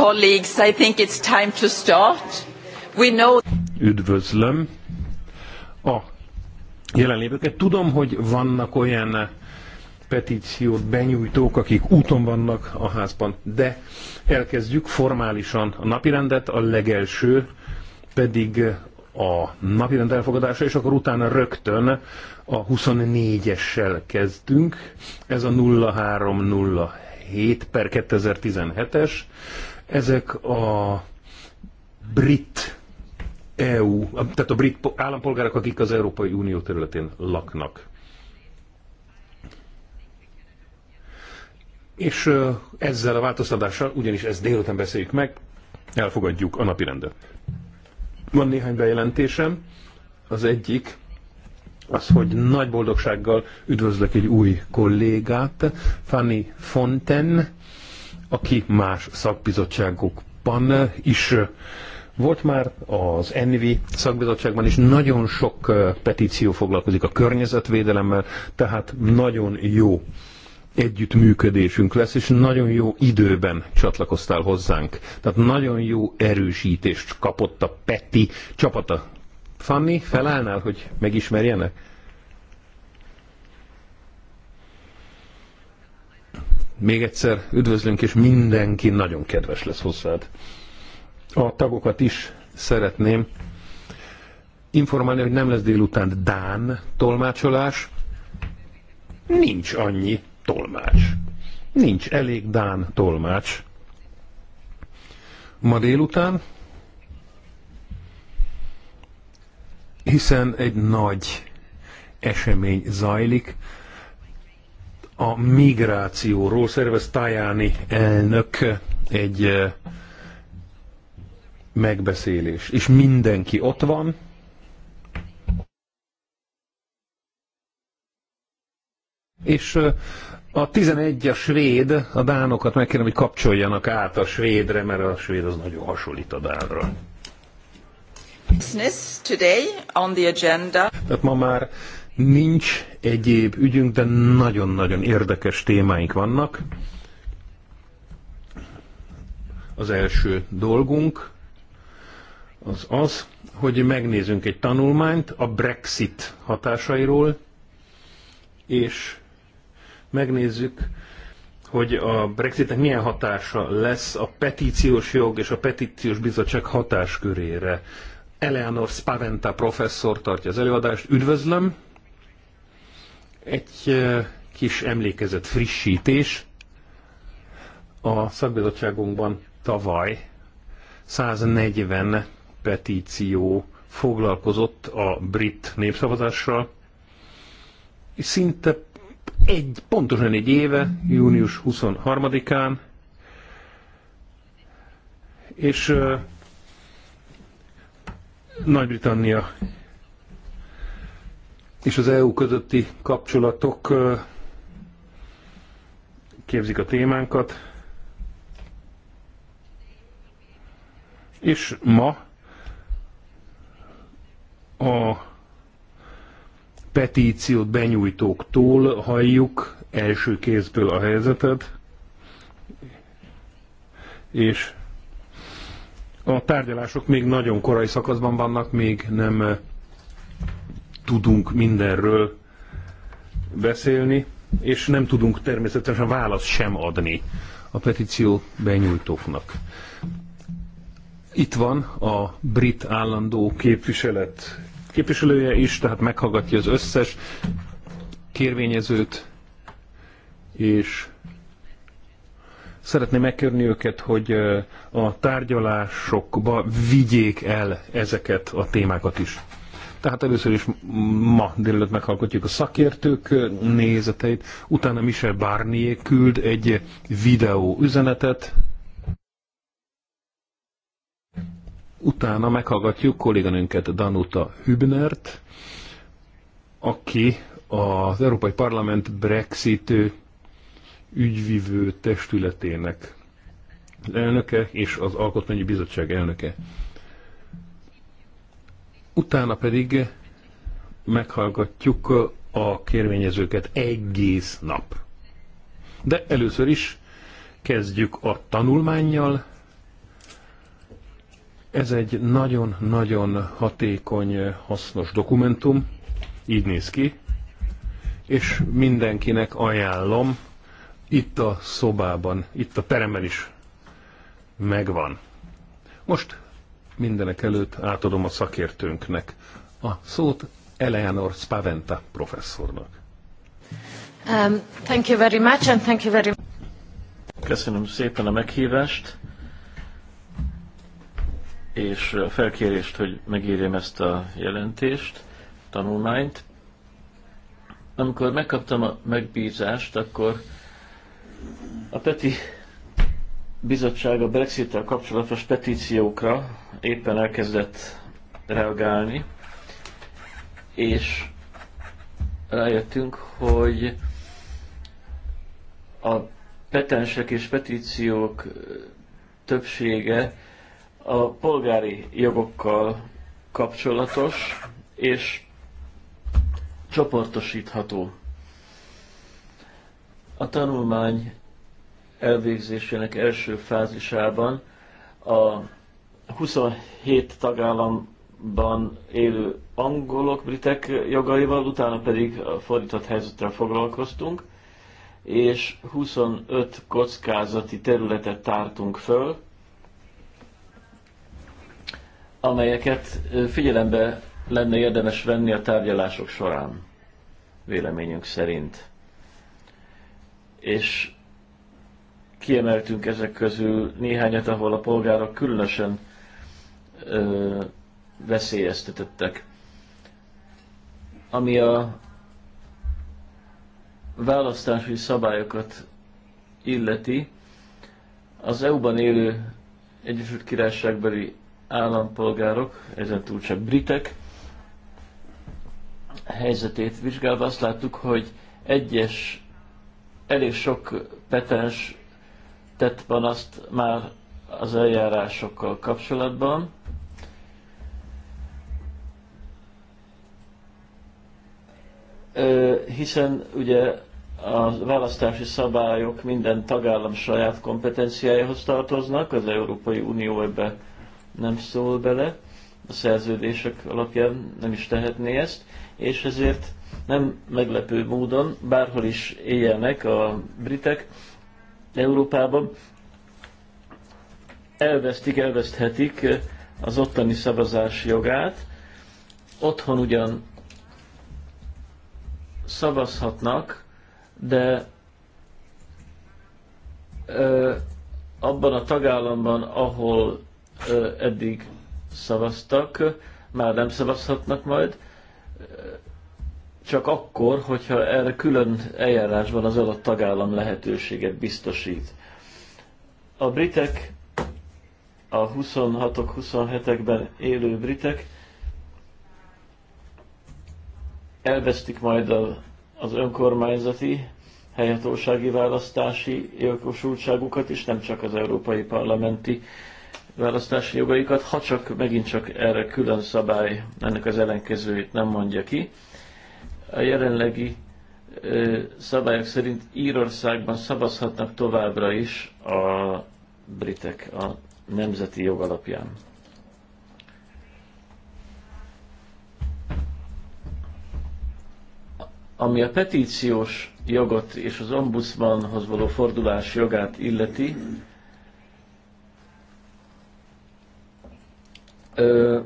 colleagues, I think it's time to start. We know... Üdvözlöm a jelenlévőket. Tudom, hogy vannak olyan petíciót benyújtók, akik úton vannak a házban, de elkezdjük formálisan a napirendet, a legelső pedig a napirend elfogadása, és akkor utána rögtön a 24-essel kezdünk. Ez a 0307 per 2017-es. Ezek a brit EU, tehát a brit állampolgárok, akik az Európai Unió területén laknak. És ezzel a változtatással, ugyanis ezt délután beszéljük meg, elfogadjuk a napirendet. Van néhány bejelentésem. Az egyik az, hogy nagy boldogsággal üdvözlök egy új kollégát, Fanny Fonten, aki más szakbizottságokban is volt már az ENVI szakbizottságban is nagyon sok petíció foglalkozik a környezetvédelemmel, tehát nagyon jó együttműködésünk lesz, és nagyon jó időben csatlakoztál hozzánk. Tehát nagyon jó erősítést kapott a Peti csapata. Fanni, felállnál, hogy megismerjenek? Még egyszer üdvözlünk, és mindenki nagyon kedves lesz hozzád. A tagokat is szeretném informálni, hogy nem lesz délután Dán tolmácsolás. Nincs annyi tolmács. Nincs elég Dán tolmács. Ma délután, hiszen egy nagy esemény zajlik, a migrációról szervez Tajani elnök egy megbeszélés, és mindenki ott van. És a 11 a svéd, a dánokat megkérem, hogy kapcsoljanak át a svédre, mert a svéd az nagyon hasonlít a dánra. Business today on the agenda. Tehát ma már Nincs egyéb ügyünk, de nagyon-nagyon érdekes témáink vannak. Az első dolgunk az az, hogy megnézünk egy tanulmányt a Brexit hatásairól, és megnézzük, hogy a Brexitnek milyen hatása lesz a petíciós jog és a petíciós bizottság hatáskörére. Eleanor Spaventa professzor tartja az előadást. Üdvözlöm! Egy kis emlékezett frissítés. A szakbizottságunkban tavaly 140 petíció foglalkozott a brit népszavazással, szinte egy, pontosan egy éve, június 23-án, és Nagy-Britannia és az EU közötti kapcsolatok képzik a témánkat. És ma a petíciót benyújtóktól halljuk első kézből a helyzetet, és a tárgyalások még nagyon korai szakaszban vannak, még nem tudunk mindenről beszélni, és nem tudunk természetesen választ sem adni a petíció benyújtóknak. Itt van a brit állandó képviselet képviselője is, tehát meghallgatja az összes kérvényezőt, és szeretném megkérni őket, hogy a tárgyalásokba vigyék el ezeket a témákat is. Tehát először is ma délelőtt meghallgatjuk a szakértők nézeteit, utána Michel Barnier küld egy videó üzenetet, utána meghallgatjuk kolléganőnket Danuta Hübnert, aki az Európai Parlament Brexit ügyvivő testületének elnöke és az Alkotmányi Bizottság elnöke. Utána pedig meghallgatjuk a kérvényezőket egész nap. De először is kezdjük a tanulmányjal. Ez egy nagyon-nagyon hatékony, hasznos dokumentum, így néz ki, és mindenkinek ajánlom, itt a szobában, itt a teremben is megvan. Most Mindenek előtt átadom a szakértőnknek a szót Eleanor Spaventa professzornak. Um, thank you very much and thank you very Köszönöm szépen a meghívást és a felkérést, hogy megírjam ezt a jelentést, tanulmányt. Amikor megkaptam a megbízást, akkor a Peti bizottság a brexit kapcsolatos petíciókra éppen elkezdett reagálni, és rájöttünk, hogy a petensek és petíciók többsége a polgári jogokkal kapcsolatos és csoportosítható. A tanulmány elvégzésének első fázisában a 27 tagállamban élő angolok, britek jogaival, utána pedig a fordított helyzetre foglalkoztunk, és 25 kockázati területet tártunk föl, amelyeket figyelembe lenne érdemes venni a tárgyalások során, véleményünk szerint. És kiemeltünk ezek közül néhányat, ahol a polgárok különösen ö, veszélyeztetettek. Ami a választási szabályokat illeti, az EU-ban élő Egyesült Királyságbeli állampolgárok, ezen túl csak britek, helyzetét vizsgálva azt láttuk, hogy egyes, elég sok petens tett panaszt már az eljárásokkal kapcsolatban. Hiszen ugye a választási szabályok minden tagállam saját kompetenciájához tartoznak, az Európai Unió ebbe nem szól bele, a szerződések alapján nem is tehetné ezt, és ezért nem meglepő módon, bárhol is éljenek a britek, Európában, elvesztik, elveszthetik eh, az ottani szavazás jogát. Otthon ugyan szavazhatnak, de ö, eh, abban a tagállamban, ahol ö, eh, eddig szavaztak, már nem szavazhatnak majd csak akkor, hogyha erre külön eljárásban az adott tagállam lehetőséget biztosít. A britek, a 26-ok, 27-ekben élő britek elvesztik majd az önkormányzati helyhatósági választási jogosultságukat, is, nem csak az európai parlamenti választási jogaikat, ha csak megint csak erre külön szabály ennek az ellenkezőjét nem mondja ki a jelenlegi szabályok szerint Írországban szavazhatnak továbbra is a britek a nemzeti jog alapján. Ami a petíciós jogot és az ombudsmanhoz való fordulás jogát illeti,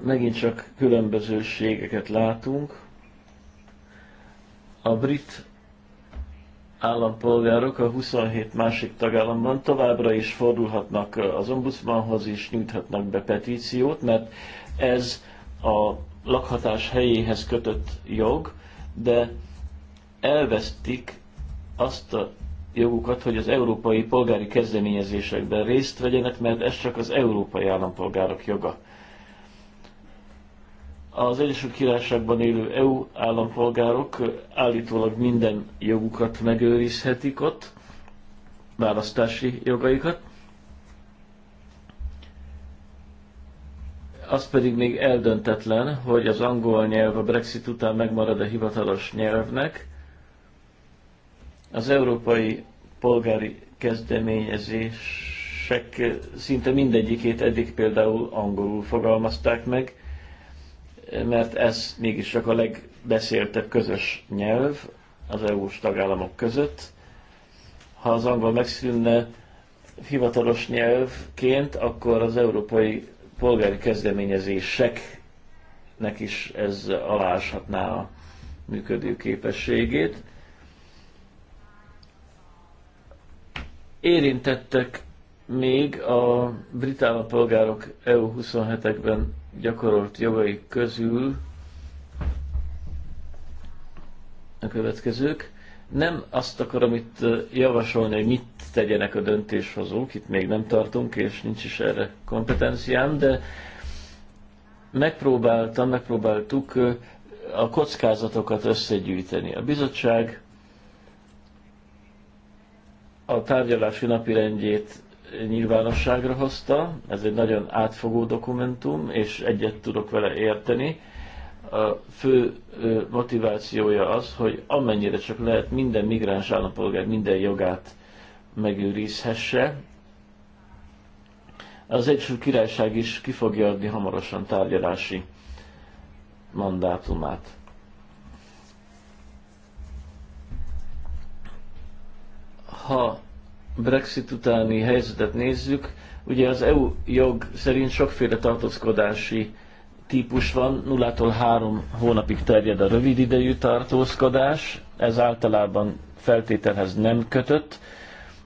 megint csak különbözőségeket látunk a brit állampolgárok a 27 másik tagállamban továbbra is fordulhatnak az ombudsmanhoz és nyújthatnak be petíciót, mert ez a lakhatás helyéhez kötött jog, de elvesztik azt a jogukat, hogy az európai polgári kezdeményezésekben részt vegyenek, mert ez csak az európai állampolgárok joga. Az Egyesült Királyságban élő EU állampolgárok állítólag minden jogukat megőrizhetik ott, választási jogaikat. Az pedig még eldöntetlen, hogy az angol nyelv a Brexit után megmarad-e hivatalos nyelvnek. Az európai polgári kezdeményezések szinte mindegyikét eddig például angolul fogalmazták meg, mert ez mégis csak a legbeszéltebb közös nyelv az EU-s tagállamok között. Ha az angol megszűnne hivatalos nyelvként, akkor az európai polgári kezdeményezéseknek is ez aláshatná a működő képességét. Érintettek még a brit állampolgárok EU27-ekben gyakorolt jogai közül a következők. Nem azt akarom itt javasolni, hogy mit tegyenek a döntéshozók, itt még nem tartunk, és nincs is erre kompetenciám, de megpróbáltam, megpróbáltuk a kockázatokat összegyűjteni. A bizottság a tárgyalási napirendjét nyilvánosságra hozta. Ez egy nagyon átfogó dokumentum, és egyet tudok vele érteni. A fő motivációja az, hogy amennyire csak lehet minden migráns állampolgár minden jogát megőrizhesse. Az Egyesült Királyság is ki fogja adni hamarosan tárgyalási mandátumát. Ha Brexit utáni helyzetet nézzük, ugye az EU jog szerint sokféle tartózkodási típus van, nullától három hónapig terjed a rövid idejű tartózkodás, ez általában feltételhez nem kötött,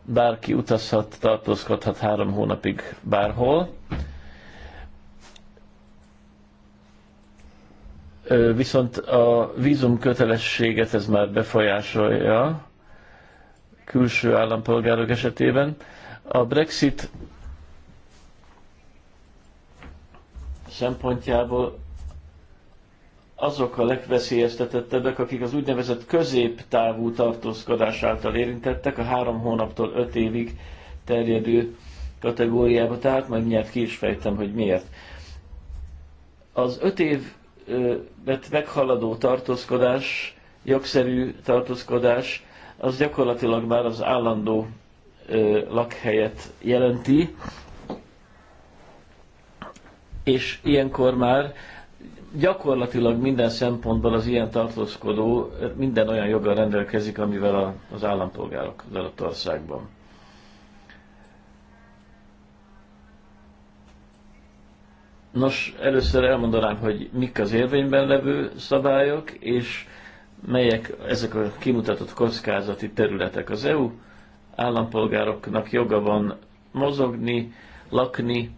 bárki utazhat, tartózkodhat három hónapig bárhol. Viszont a vízum kötelességet ez már befolyásolja, külső állampolgárok esetében. A Brexit szempontjából azok a legveszélyeztetettebbek, akik az úgynevezett középtávú tartózkodás által érintettek, a három hónaptól öt évig terjedő kategóriába, tehát majd mindjárt ki is fejtem, hogy miért. Az öt évet meghaladó tartózkodás, jogszerű tartózkodás az gyakorlatilag már az állandó ö, lakhelyet jelenti, és ilyenkor már gyakorlatilag minden szempontból az ilyen tartózkodó minden olyan joggal rendelkezik, amivel a, az állampolgárok az adott országban. Nos, először elmondanám, hogy mik az érvényben levő szabályok, és melyek ezek a kimutatott kockázati területek. Az EU állampolgároknak joga van mozogni, lakni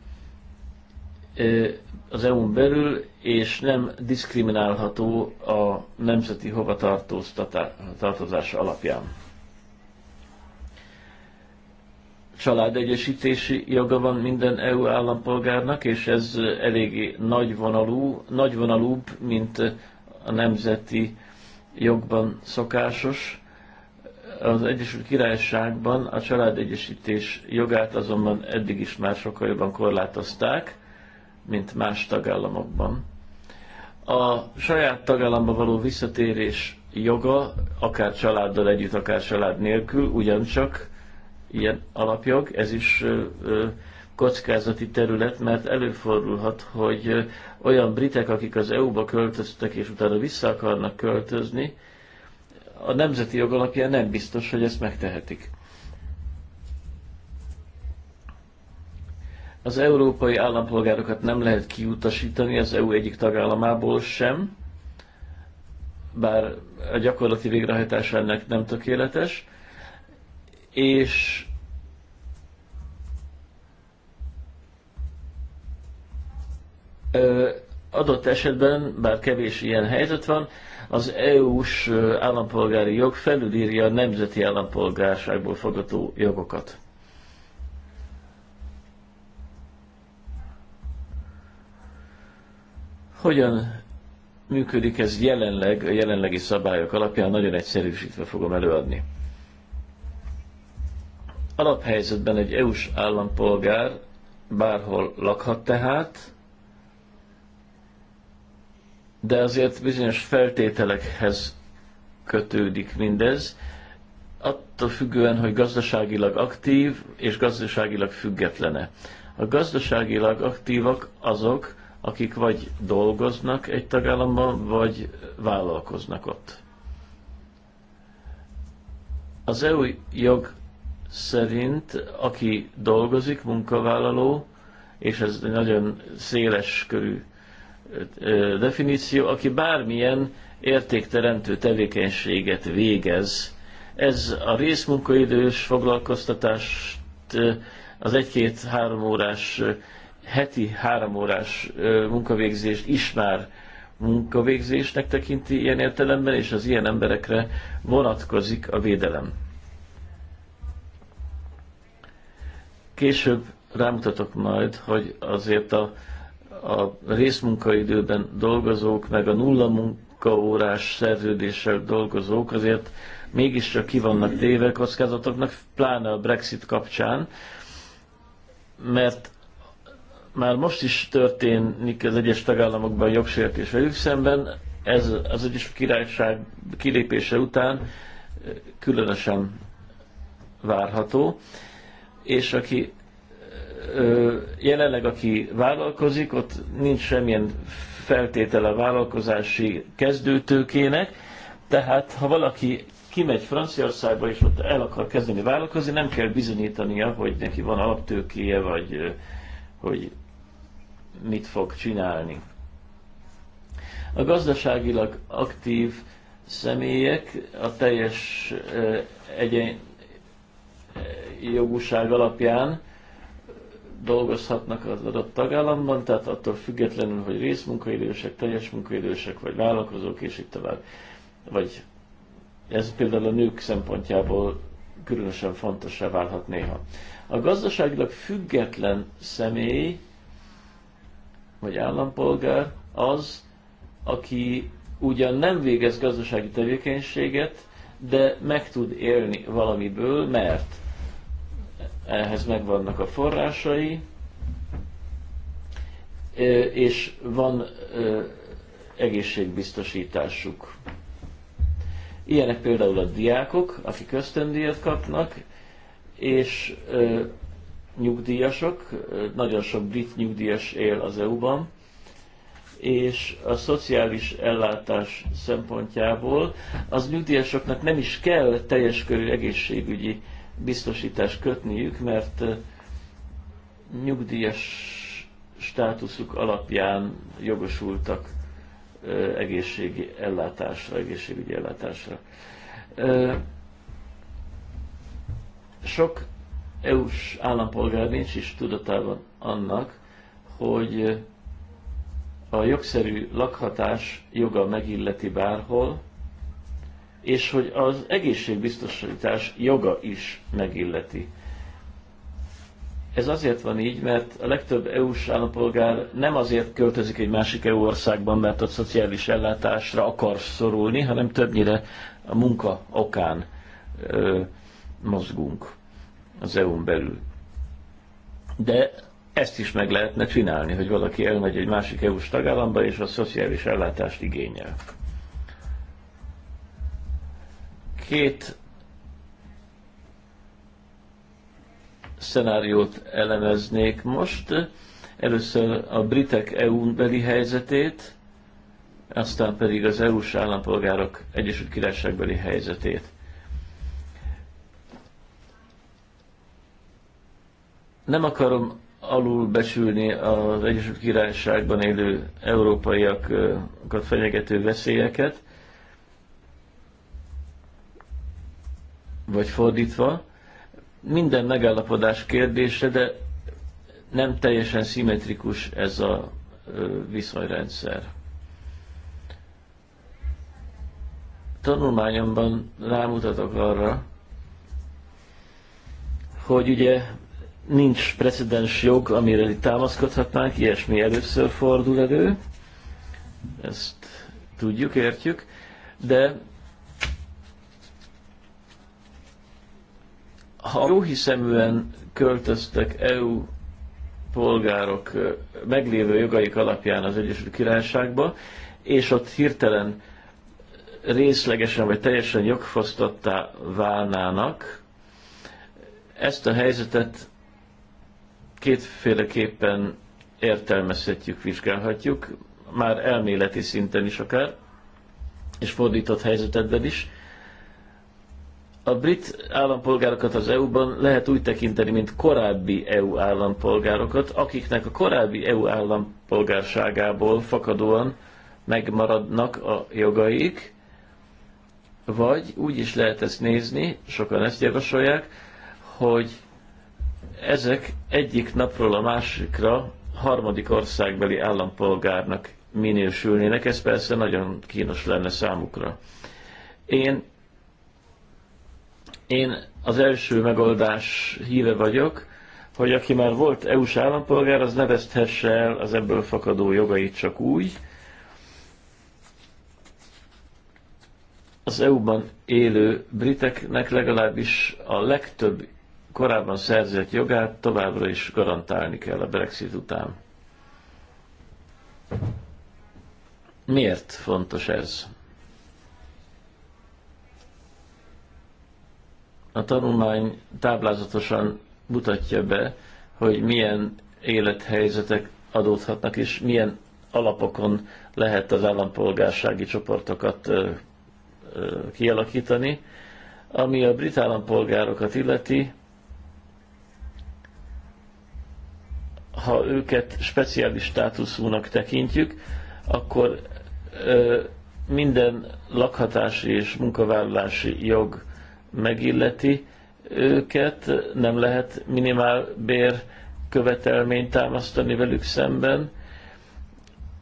az EU-n belül, és nem diszkriminálható a nemzeti hovatartozás alapján. Családegyesítési joga van minden EU állampolgárnak, és ez eléggé nagyvonalú, nagyvonalúbb, mint a nemzeti jogban szokásos. Az Egyesült Királyságban a családegyesítés jogát azonban eddig is már sokkal jobban korlátozták, mint más tagállamokban. A saját tagállamba való visszatérés joga, akár családdal együtt, akár család nélkül, ugyancsak ilyen alapjog, ez is kockázati terület, mert előfordulhat, hogy olyan britek, akik az EU-ba költöztek és utána vissza akarnak költözni, a nemzeti jog alapján nem biztos, hogy ezt megtehetik. Az európai állampolgárokat nem lehet kiutasítani az EU egyik tagállamából sem, bár a gyakorlati végrehajtás ennek nem tökéletes, és adott esetben, bár kevés ilyen helyzet van, az EU-s állampolgári jog felülírja a nemzeti állampolgárságból fogadó jogokat. Hogyan működik ez jelenleg, a jelenlegi szabályok alapján, nagyon egyszerűsítve fogom előadni. Alaphelyzetben egy EU-s állampolgár bárhol lakhat tehát, de azért bizonyos feltételekhez kötődik mindez, attól függően, hogy gazdaságilag aktív és gazdaságilag függetlene. A gazdaságilag aktívak azok, akik vagy dolgoznak egy tagállamban, vagy vállalkoznak ott. Az EU jog szerint, aki dolgozik, munkavállaló, és ez egy nagyon széles körű definíció, aki bármilyen értékteremtő tevékenységet végez. Ez a részmunkaidős foglalkoztatást, az egy-két-három órás, heti három órás munkavégzést is már munkavégzésnek tekinti ilyen értelemben, és az ilyen emberekre vonatkozik a védelem. Később rámutatok majd, hogy azért a a részmunkaidőben dolgozók, meg a nulla munkaórás szerződéssel dolgozók azért mégiscsak ki vannak téve kockázatoknak, pláne a Brexit kapcsán, mert már most is történik az egyes tagállamokban jogsértés velük szemben, ez az egyes Királyság kilépése után eh, különösen várható, és aki jelenleg aki vállalkozik, ott nincs semmilyen feltétele a vállalkozási kezdőtőkének, tehát ha valaki kimegy Franciaországba és ott el akar kezdeni vállalkozni, nem kell bizonyítania, hogy neki van alaptőkéje, vagy hogy mit fog csinálni. A gazdaságilag aktív személyek a teljes egyen jogúság alapján dolgozhatnak az adott tagállamban, tehát attól függetlenül, hogy részmunkaidősek, teljes munkaidősek, vagy vállalkozók, és így tovább. Vagy ez például a nők szempontjából különösen fontosra válhat néha. A gazdaságilag független személy, vagy állampolgár az, aki ugyan nem végez gazdasági tevékenységet, de meg tud élni valamiből, mert ehhez megvannak a forrásai, és van egészségbiztosításuk. Ilyenek például a diákok, akik ösztöndíjat kapnak, és nyugdíjasok, nagyon sok brit nyugdíjas él az EU-ban, és a szociális ellátás szempontjából az nyugdíjasoknak nem is kell teljes körű egészségügyi biztosítást kötniük, mert nyugdíjas státuszuk alapján jogosultak egészségi ellátásra, egészségügyi ellátásra. Sok EU-s állampolgár nincs is tudatában annak, hogy a jogszerű lakhatás joga megilleti bárhol, és hogy az egészségbiztosítás joga is megilleti. Ez azért van így, mert a legtöbb EU-s állampolgár nem azért költözik egy másik EU országban, mert a szociális ellátásra akar szorulni, hanem többnyire a munka okán ö, mozgunk az EU-n belül. De ezt is meg lehetne csinálni, hogy valaki elmegy egy másik EU-s tagállamba, és a szociális ellátást igényel. Két szenáriót elemeznék most. Először a britek eu beli helyzetét, aztán pedig az EU-s állampolgárok Egyesült Királyságbeli helyzetét. Nem akarom alulbecsülni az Egyesült Királyságban élő európaiakat fenyegető veszélyeket, vagy fordítva, minden megállapodás kérdése, de nem teljesen szimmetrikus ez a viszonyrendszer. Tanulmányomban rámutatok arra, hogy ugye nincs precedens jog, amire itt támaszkodhatnánk, ilyesmi először fordul elő, ezt tudjuk, értjük, de Ha jóhiszeműen költöztek EU polgárok meglévő jogaik alapján az Egyesült Királyságba, és ott hirtelen részlegesen vagy teljesen jogfosztottá válnának, ezt a helyzetet kétféleképpen értelmezhetjük, vizsgálhatjuk, már elméleti szinten is akár, és fordított helyzetedben is a brit állampolgárokat az EU-ban lehet úgy tekinteni, mint korábbi EU állampolgárokat, akiknek a korábbi EU állampolgárságából fakadóan megmaradnak a jogaik, vagy úgy is lehet ezt nézni, sokan ezt javasolják, hogy ezek egyik napról a másikra harmadik országbeli állampolgárnak minősülnének, ez persze nagyon kínos lenne számukra. Én én az első megoldás híve vagyok, hogy aki már volt EU-s állampolgár, az ne el az ebből fakadó jogait csak úgy. Az EU-ban élő briteknek legalábbis a legtöbb korábban szerzett jogát továbbra is garantálni kell a Brexit után. Miért fontos ez? A tanulmány táblázatosan mutatja be, hogy milyen élethelyzetek adódhatnak, és milyen alapokon lehet az állampolgársági csoportokat kialakítani. Ami a brit állampolgárokat illeti, ha őket speciális státuszúnak tekintjük, akkor minden lakhatási és munkavállalási jog megilleti őket, nem lehet minimál bér követelményt támasztani velük szemben,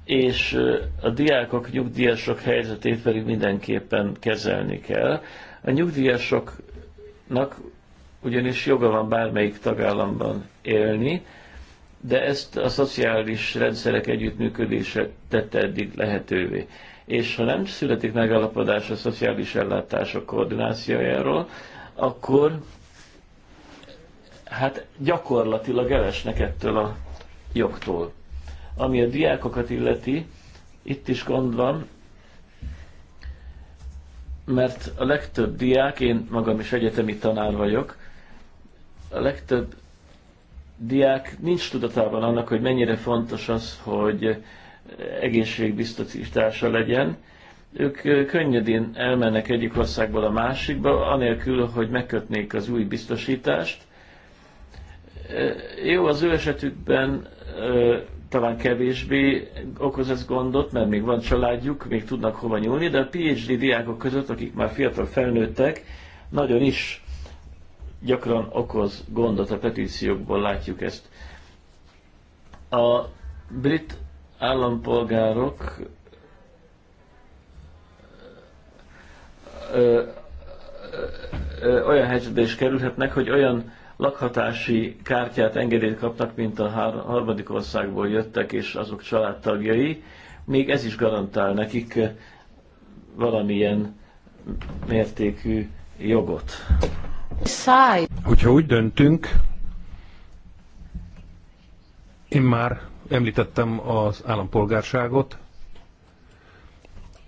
és a diákok, nyugdíjasok helyzetét pedig mindenképpen kezelni kell. A nyugdíjasoknak ugyanis joga van bármelyik tagállamban élni, de ezt a szociális rendszerek együttműködése tette eddig lehetővé és ha nem születik megállapodás a szociális ellátások koordinációjáról, akkor hát gyakorlatilag elesnek ettől a jogtól. Ami a diákokat illeti, itt is gond van, mert a legtöbb diák, én magam is egyetemi tanár vagyok, a legtöbb diák nincs tudatában annak, hogy mennyire fontos az, hogy egészségbiztosítása legyen. Ők könnyedén elmennek egyik országból a másikba, anélkül, hogy megkötnék az új biztosítást. Jó, az ő esetükben talán kevésbé okoz ez gondot, mert még van családjuk, még tudnak hova nyúlni, de a PhD diákok között, akik már fiatal felnőttek, nagyon is gyakran okoz gondot, a petíciókból látjuk ezt. A brit állampolgárok ö, ö, olyan helyzetbe is kerülhetnek, hogy olyan lakhatási kártyát, engedélyt kapnak, mint a harmadik országból jöttek, és azok családtagjai, még ez is garantál nekik valamilyen mértékű jogot. Száj! Hogyha úgy döntünk, én már Említettem az állampolgárságot,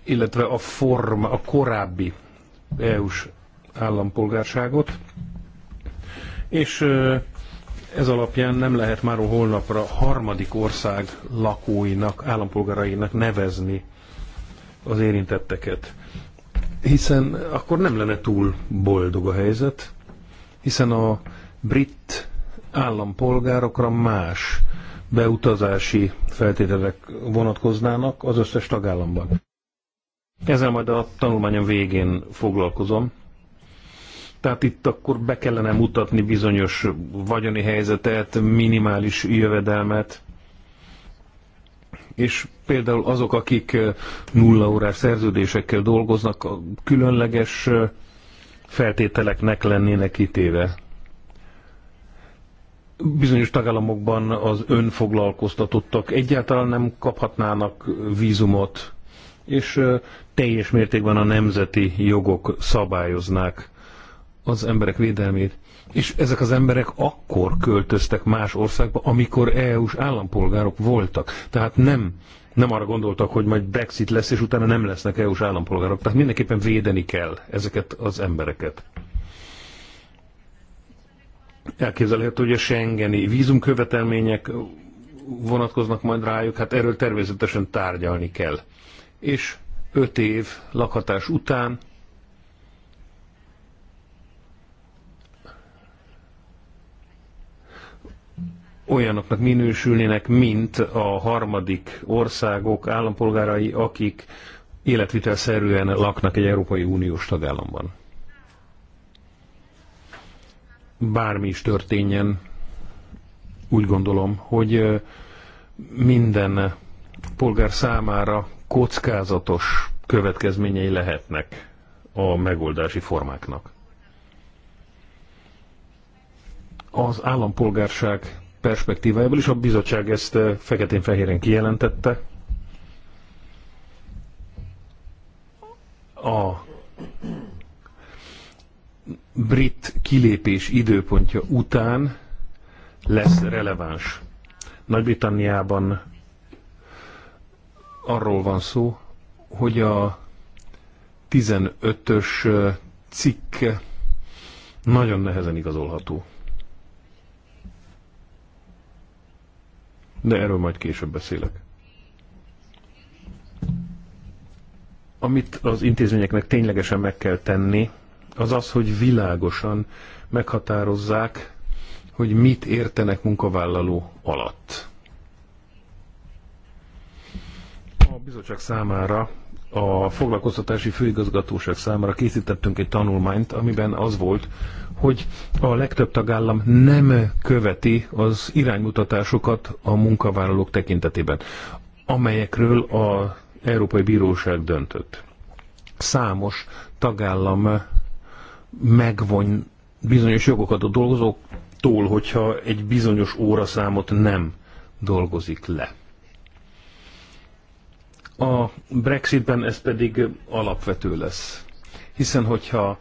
illetve a forma, a korábbi EU-s állampolgárságot, és ez alapján nem lehet már holnapra harmadik ország lakóinak, állampolgárainak nevezni az érintetteket. Hiszen akkor nem lenne túl boldog a helyzet, hiszen a brit állampolgárokra más beutazási feltételek vonatkoznának az összes tagállamban. Ezzel majd a tanulmányom végén foglalkozom. Tehát itt akkor be kellene mutatni bizonyos vagyoni helyzetet, minimális jövedelmet, és például azok, akik nulla órás szerződésekkel dolgoznak, különleges feltételeknek lennének kitéve bizonyos tagállamokban az önfoglalkoztatottak egyáltalán nem kaphatnának vízumot, és teljes mértékben a nemzeti jogok szabályoznák az emberek védelmét. És ezek az emberek akkor költöztek más országba, amikor EU-s állampolgárok voltak. Tehát nem, nem arra gondoltak, hogy majd Brexit lesz, és utána nem lesznek EU-s állampolgárok. Tehát mindenképpen védeni kell ezeket az embereket elképzelhető, hogy a Schengeni vízumkövetelmények vonatkoznak majd rájuk, hát erről természetesen tárgyalni kell. És öt év lakhatás után olyanoknak minősülnének, mint a harmadik országok állampolgárai, akik életvitelszerűen laknak egy Európai Uniós tagállamban bármi is történjen, úgy gondolom, hogy minden polgár számára kockázatos következményei lehetnek a megoldási formáknak. Az állampolgárság perspektívájából is a bizottság ezt feketén-fehéren kijelentette. A brit kilépés időpontja után lesz releváns. Nagy-Britanniában arról van szó, hogy a 15-ös cikk nagyon nehezen igazolható. De erről majd később beszélek. Amit az intézményeknek ténylegesen meg kell tenni, az az, hogy világosan meghatározzák, hogy mit értenek munkavállaló alatt. A bizottság számára, a foglalkoztatási főigazgatóság számára készítettünk egy tanulmányt, amiben az volt, hogy a legtöbb tagállam nem követi az iránymutatásokat a munkavállalók tekintetében, amelyekről az Európai Bíróság döntött. Számos tagállam megvon bizonyos jogokat a dolgozóktól, hogyha egy bizonyos óraszámot nem dolgozik le. A Brexitben ez pedig alapvető lesz. Hiszen, hogyha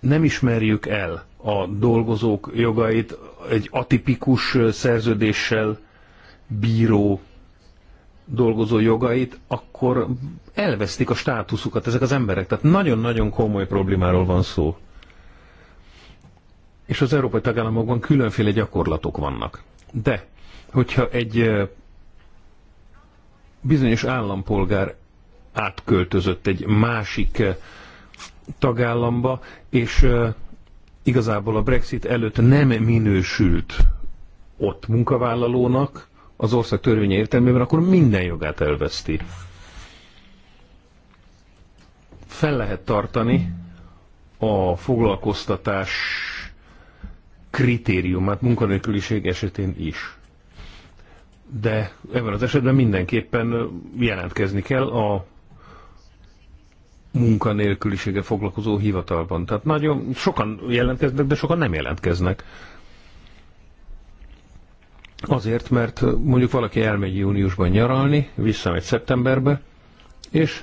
nem ismerjük el a dolgozók jogait, egy atipikus szerződéssel bíró dolgozó jogait, akkor elvesztik a státuszukat ezek az emberek. Tehát nagyon-nagyon komoly problémáról van szó. És az európai tagállamokban különféle gyakorlatok vannak. De, hogyha egy bizonyos állampolgár átköltözött egy másik tagállamba, és igazából a Brexit előtt nem minősült ott munkavállalónak, az ország törvénye értelmében, akkor minden jogát elveszti. Fel lehet tartani a foglalkoztatás kritériumát munkanélküliség esetén is. De ebben az esetben mindenképpen jelentkezni kell a munkanélkülisége foglalkozó hivatalban. Tehát nagyon sokan jelentkeznek, de sokan nem jelentkeznek. Azért, mert mondjuk valaki elmegy júniusban nyaralni, visszamegy szeptemberbe, és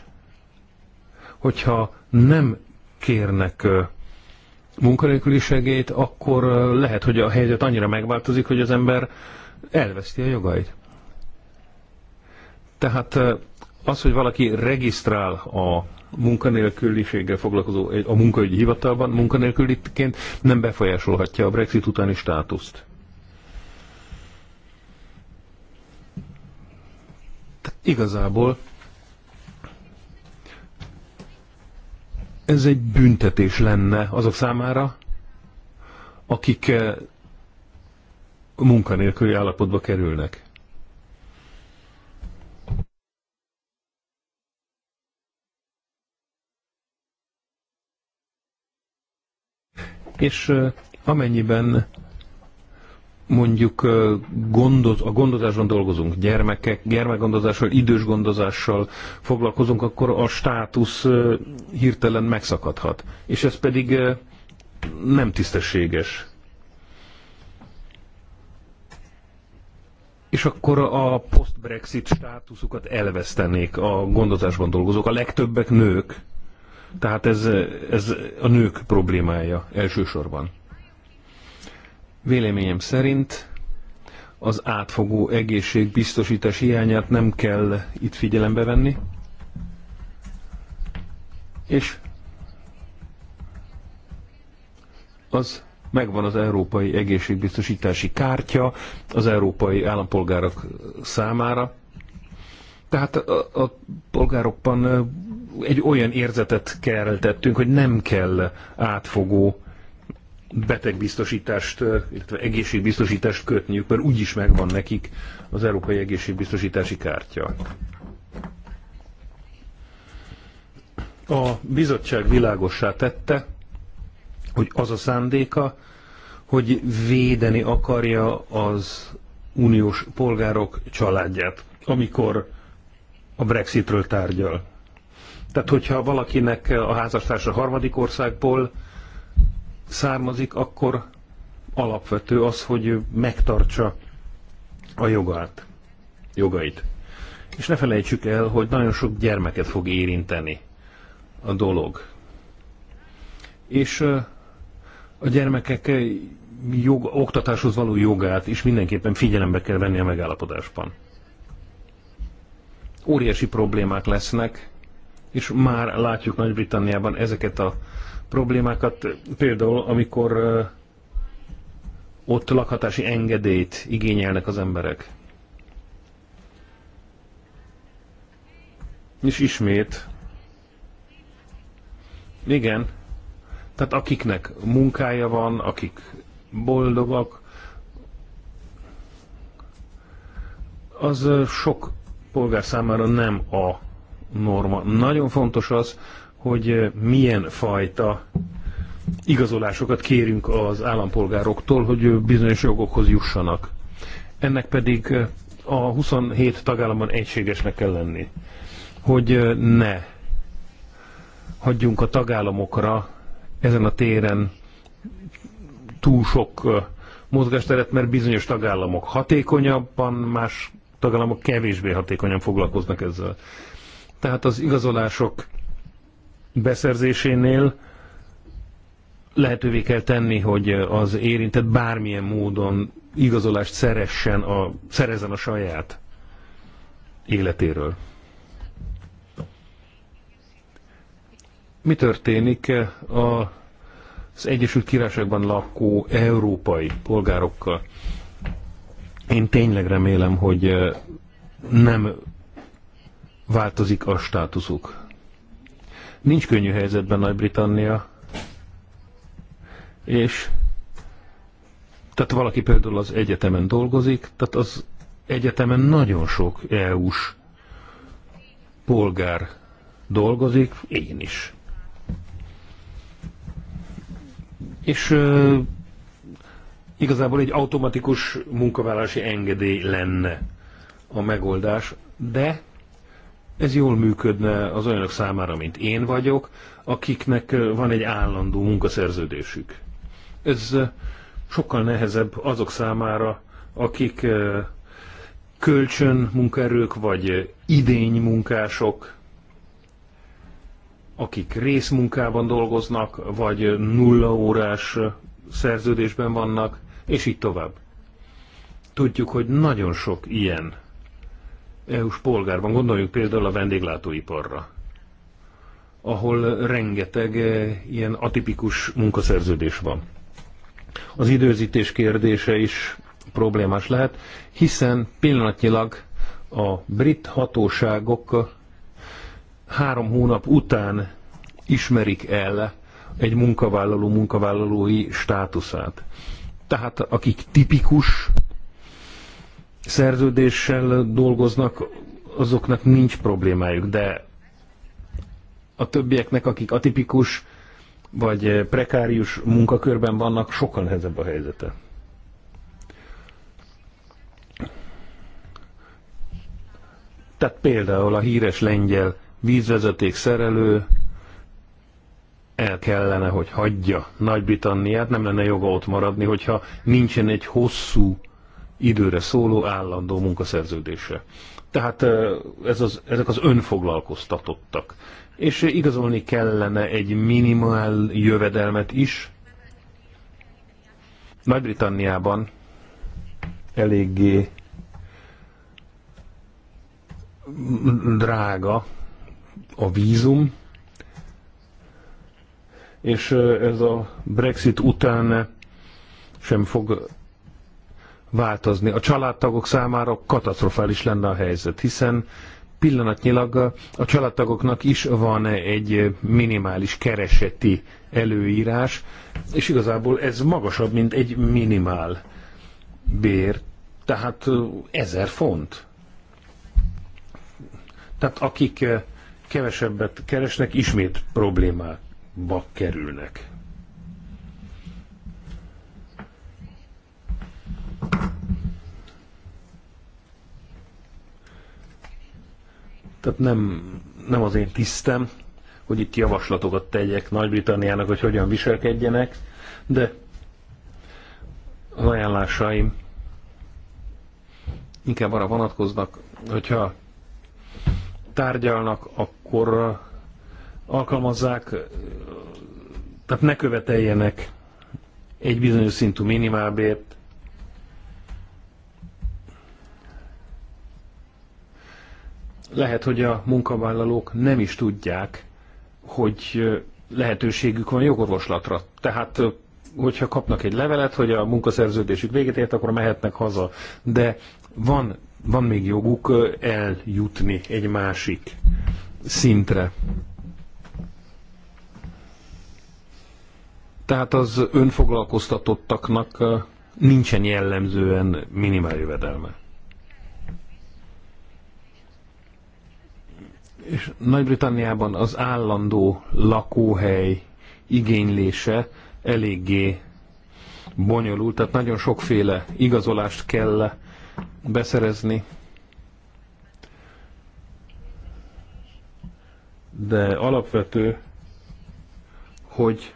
hogyha nem kérnek munkanélküli segélyt, akkor lehet, hogy a helyzet annyira megváltozik, hogy az ember elveszti a jogait. Tehát az, hogy valaki regisztrál a munkanélküliséggel foglalkozó, a munkaügyi hivatalban munkanélküliként nem befolyásolhatja a Brexit utáni státuszt. Igazából ez egy büntetés lenne azok számára, akik eh, munkanélküli állapotba kerülnek. És eh, amennyiben mondjuk gondoz, a gondozáson dolgozunk, gyermekek, gyermekgondozással, idős gondozással foglalkozunk, akkor a státusz hirtelen megszakadhat. És ez pedig nem tisztességes. És akkor a post-Brexit státuszukat elvesztenék a gondozásban dolgozók. A legtöbbek nők. Tehát ez, ez a nők problémája elsősorban. Véleményem szerint az átfogó egészségbiztosítás hiányát nem kell itt figyelembe venni, és az megvan az európai egészségbiztosítási kártya az európai állampolgárok számára. Tehát a, a polgárokban egy olyan érzetet keltettünk, hogy nem kell átfogó betegbiztosítást, illetve egészségbiztosítást kötniük, mert úgyis megvan nekik az Európai Egészségbiztosítási Kártya. A bizottság világossá tette, hogy az a szándéka, hogy védeni akarja az uniós polgárok családját, amikor a Brexitről tárgyal. Tehát, hogyha valakinek a házastársa harmadik országból származik, akkor alapvető az, hogy megtartsa a jogát, jogait. És ne felejtsük el, hogy nagyon sok gyermeket fog érinteni a dolog. És a gyermekek jog, oktatáshoz való jogát is mindenképpen figyelembe kell venni a megállapodásban. Óriási problémák lesznek, és már látjuk Nagy-Britanniában ezeket a problémákat, például amikor ott lakhatási engedélyt igényelnek az emberek. És ismét. Igen. Tehát akiknek munkája van, akik boldogak, az sok polgár számára nem a norma. Nagyon fontos az, hogy milyen fajta igazolásokat kérünk az állampolgároktól, hogy bizonyos jogokhoz jussanak. Ennek pedig a 27 tagállamban egységesnek kell lenni, hogy ne hagyjunk a tagállamokra ezen a téren túl sok mozgásteret, mert bizonyos tagállamok hatékonyabban, más tagállamok kevésbé hatékonyan foglalkoznak ezzel. Tehát az igazolások beszerzésénél lehetővé kell tenni, hogy az érintett bármilyen módon igazolást szeressen a, szerezzen a saját életéről. Mi történik a, az Egyesült Királyságban lakó európai polgárokkal? Én tényleg remélem, hogy nem változik a státuszuk. Nincs könnyű helyzetben Nagy-Britannia, és tehát valaki például az egyetemen dolgozik, tehát az egyetemen nagyon sok EU-s polgár dolgozik, én is. És euh, igazából egy automatikus munkavállalási engedély lenne a megoldás, de ez jól működne az olyanok számára, mint én vagyok, akiknek van egy állandó munkaszerződésük. Ez sokkal nehezebb azok számára, akik kölcsön munkaerők, vagy idény munkások, akik részmunkában dolgoznak, vagy nulla órás szerződésben vannak, és így tovább. Tudjuk, hogy nagyon sok ilyen EU-s polgárban. Gondoljunk például a vendéglátóiparra, ahol rengeteg e, ilyen atipikus munkaszerződés van. Az időzítés kérdése is problémás lehet, hiszen pillanatnyilag a brit hatóságok három hónap után ismerik el egy munkavállaló munkavállalói státuszát. Tehát akik tipikus szerződéssel dolgoznak, azoknak nincs problémájuk, de a többieknek, akik atipikus vagy prekárius munkakörben vannak, sokkal nehezebb a helyzete. Tehát például a híres lengyel vízvezeték szerelő el kellene, hogy hagyja Nagy-Britanniát, nem lenne joga ott maradni, hogyha nincsen egy hosszú időre szóló állandó munkaszerződése. Tehát ez az, ezek az önfoglalkoztatottak. És igazolni kellene egy minimál jövedelmet is. Nagy-Britanniában eléggé drága a vízum, és ez a Brexit után sem fog változni. A családtagok számára katasztrofális lenne a helyzet, hiszen pillanatnyilag a családtagoknak is van egy minimális kereseti előírás, és igazából ez magasabb, mint egy minimál bér, tehát ezer font. Tehát akik kevesebbet keresnek, ismét problémába kerülnek. Tehát nem, nem az én tisztem, hogy itt javaslatokat tegyek Nagy-Britanniának, hogy hogyan viselkedjenek, de az ajánlásaim inkább arra vonatkoznak, hogyha tárgyalnak, akkor alkalmazzák, tehát ne követeljenek egy bizonyos szintű minimálbért, lehet, hogy a munkavállalók nem is tudják, hogy lehetőségük van jogorvoslatra. Tehát, hogyha kapnak egy levelet, hogy a munkaszerződésük véget ért, akkor mehetnek haza. De van, van még joguk eljutni egy másik szintre. Tehát az önfoglalkoztatottaknak nincsen jellemzően minimál jövedelme. És Nagy-Britanniában az állandó lakóhely igénylése eléggé bonyolult, tehát nagyon sokféle igazolást kell beszerezni. De alapvető, hogy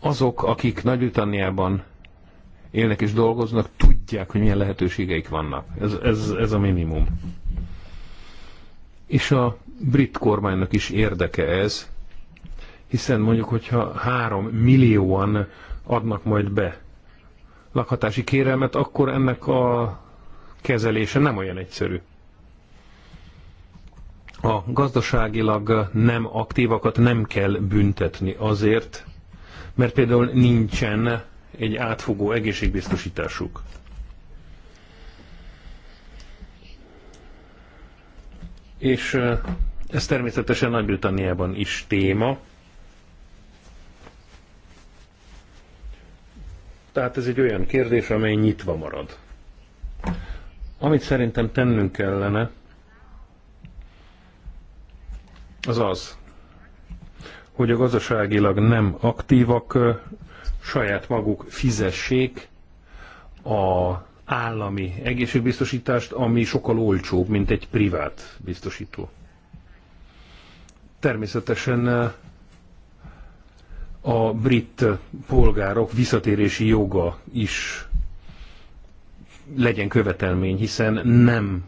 azok, akik Nagy-Britanniában élnek és dolgoznak, tudják, hogy milyen lehetőségeik vannak. Ez, ez, ez a minimum. És a brit kormánynak is érdeke ez, hiszen mondjuk, hogyha három millióan adnak majd be lakhatási kérelmet, akkor ennek a kezelése nem olyan egyszerű. A gazdaságilag nem aktívakat nem kell büntetni azért, mert például nincsen egy átfogó egészségbiztosításuk. És ez természetesen Nagy-Britanniában is téma. Tehát ez egy olyan kérdés, amely nyitva marad. Amit szerintem tennünk kellene, az az, hogy a gazdaságilag nem aktívak saját maguk fizessék a állami egészségbiztosítást, ami sokkal olcsóbb, mint egy privát biztosító. Természetesen eh, a brit polgárok visszatérési joga is legyen követelmény, hiszen nem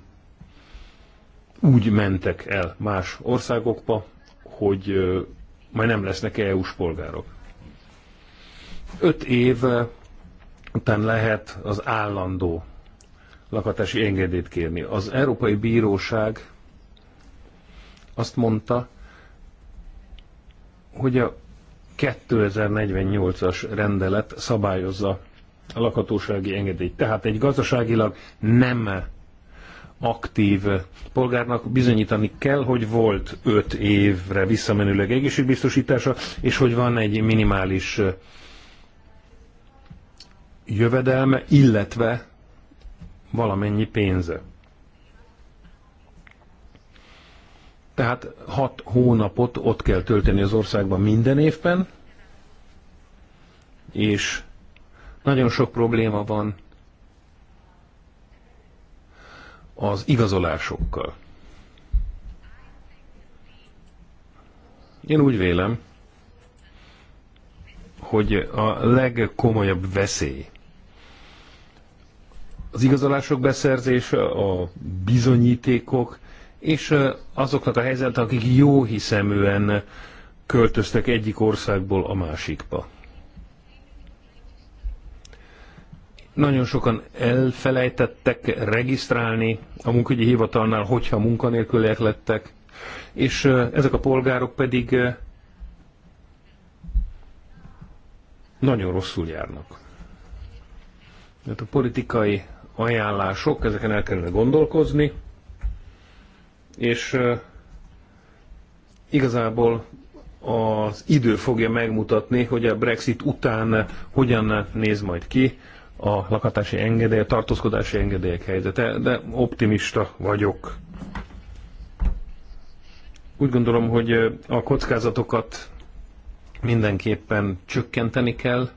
úgy mentek el más országokba, hogy eh, majd nem lesznek EU-s polgárok. Öt év eh, után lehet az állandó lakatási engedélyt kérni. Az Európai Bíróság azt mondta, hogy a 2048-as rendelet szabályozza a lakhatósági engedélyt. Tehát egy gazdaságilag nem aktív polgárnak bizonyítani kell, hogy volt 5 évre visszamenőleg egészségbiztosítása, és hogy van egy minimális jövedelme, illetve valamennyi pénze. Tehát hat hónapot ott kell tölteni az országban minden évben, és nagyon sok probléma van az igazolásokkal. Én úgy vélem, hogy a legkomolyabb veszély az igazolások beszerzése, a bizonyítékok, és azoknak a helyzet, akik jó hiszeműen költöztek egyik országból a másikba. Nagyon sokan elfelejtettek regisztrálni a munkügyi hivatalnál, hogyha munkanélküliek lettek, és ezek a polgárok pedig nagyon rosszul járnak. mert a politikai ajánlások, ezeken el kellene gondolkozni, és igazából az idő fogja megmutatni, hogy a Brexit után hogyan néz majd ki a lakhatási engedély, a tartózkodási engedélyek helyzete, de optimista vagyok. Úgy gondolom, hogy a kockázatokat mindenképpen csökkenteni kell,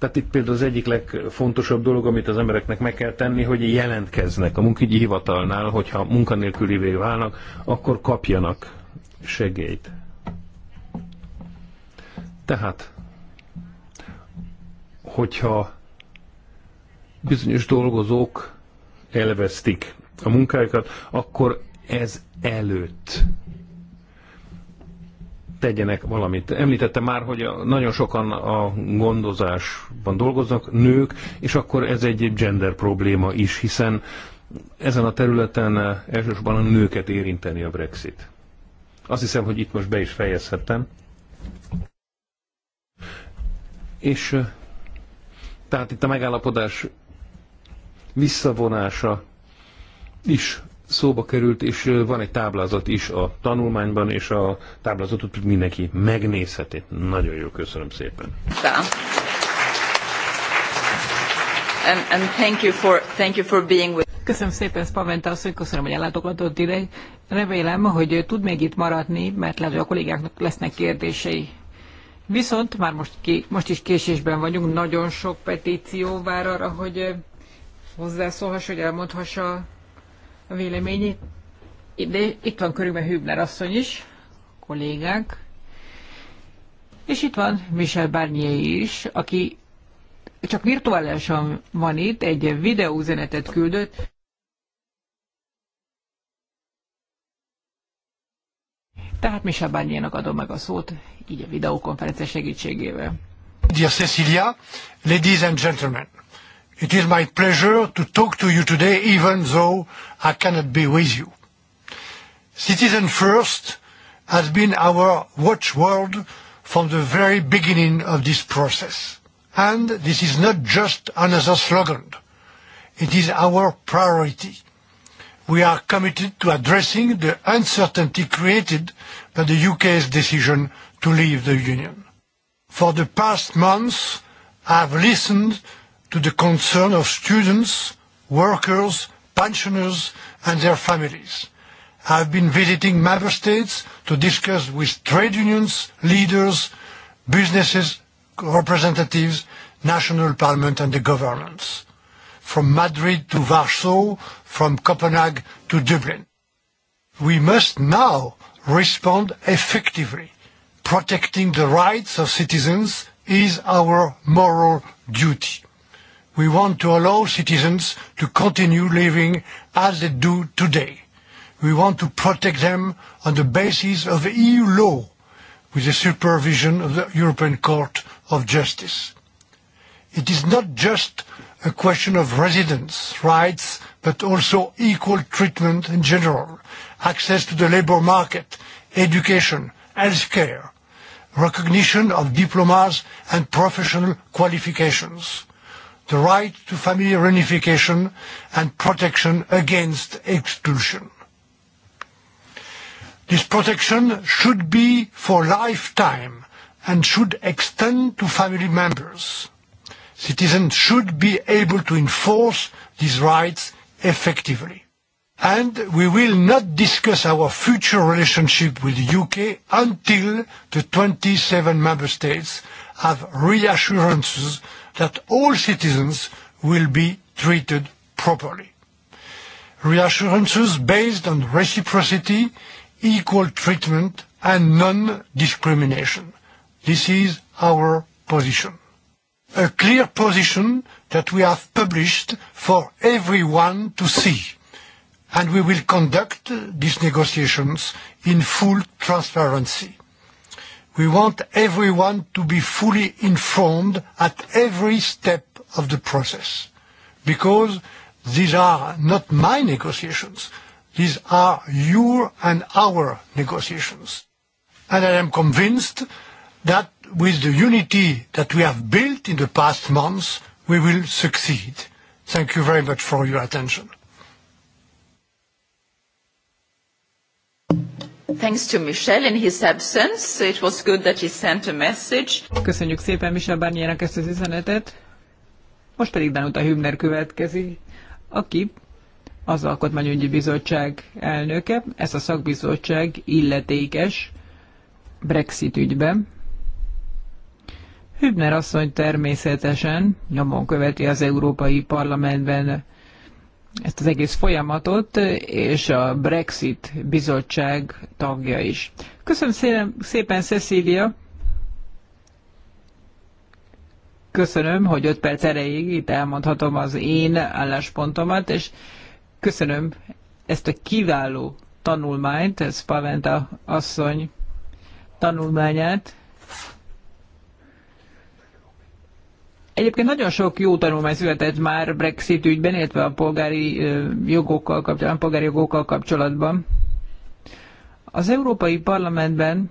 tehát itt például az egyik legfontosabb dolog, amit az embereknek meg kell tenni, hogy jelentkeznek a munkügyi hivatalnál, hogyha munkanélkülivé válnak, akkor kapjanak segélyt. Tehát, hogyha bizonyos dolgozók elvesztik a munkájukat, akkor ez előtt tegyenek valamit. Említettem már, hogy nagyon sokan a gondozásban dolgoznak, nők, és akkor ez egy gender probléma is, hiszen ezen a területen eh, elsősorban a nőket érinteni a Brexit. Azt hiszem, hogy itt most be is fejezhettem. És eh, tehát itt a megállapodás visszavonása is szóba került, és van egy táblázat is a tanulmányban, és a táblázatot mindenki megnézheti. Nagyon jó, köszönöm szépen. And, and thank you for, thank you for being with Köszönöm szépen, Spaventa asszony, köszönöm, hogy ellátogatott ide. Remélem, hogy tud még itt maradni, mert lehet, hogy a kollégáknak lesznek kérdései. Viszont már most, ki, most is késésben vagyunk, nagyon sok petíció vár arra, hogy hozzászólhass, hogy elmondhassa véleményét. De itt van körülbelül Hübner asszony is, kollégánk. És itt van Michel Barnier is, aki csak virtuálisan van itt, egy videóüzenetet küldött. Tehát Michel Barniernak adom meg a szót, így a videokonferencia segítségével. Dear Cecilia, ladies and gentlemen. It is my pleasure to talk to you today, even though I cannot be with you. Citizen First has been our watchword from the very beginning of this process. And this is not just another slogan. It is our priority. We are committed to addressing the uncertainty created by the UK's decision to leave the Union. For the past months, I have listened to the concern of students, workers, pensioners and their families. I have been visiting member states to discuss with trade unions, leaders, businesses, representatives, national parliament and the governments. From Madrid to Warsaw, from Copenhagen to Dublin. We must now respond effectively. Protecting the rights of citizens is our moral duty We want to allow citizens to continue living as they do today. We want to protect them on the basis of EU e law with the supervision of the European Court of Justice. It is not just a question of residence rights, but also equal treatment in general, access to the labour market, education, healthcare, recognition of diplomas and professional qualifications the right to family reunification and protection against expulsion. This protection should be for lifetime and should extend to family members. Citizens should be able to enforce these rights effectively. And we will not discuss our future relationship with the UK until the 27 member states have reassurances that all citizens will be treated properly. Reassurances based on reciprocity, equal treatment and non-discrimination. This is our position. A clear position that we have published for everyone to see. And we will conduct these negotiations in full transparency We want everyone to be fully informed at every step of the process because these are not my negotiations. These are your and our negotiations. And I am convinced that with the unity that we have built in the past months, we will succeed. Thank you very much for your attention. Thanks to Michel in his absence. It was good that he sent a message. Köszönjük szépen Michel Barnier-nek ezt az üzenetet. Most pedig Danuta Hübner következik, aki az Alkotmányügyi Bizottság elnöke, ez a szakbizottság illetékes Brexit ügyben. Hübner asszony természetesen nyomon követi az Európai Parlamentben ezt az egész folyamatot, és a Brexit bizottság tagja is. Köszönöm szépen, szépen Cecília! Köszönöm, hogy 5 perc erejéig itt elmondhatom az én álláspontomat, és köszönöm ezt a kiváló tanulmányt, ez Paventa asszony tanulmányát. Egyébként nagyon sok jó tanulmány született már Brexit ügyben, illetve a polgári jogokkal kapcsolatban, polgári jogokkal kapcsolatban. Az Európai Parlamentben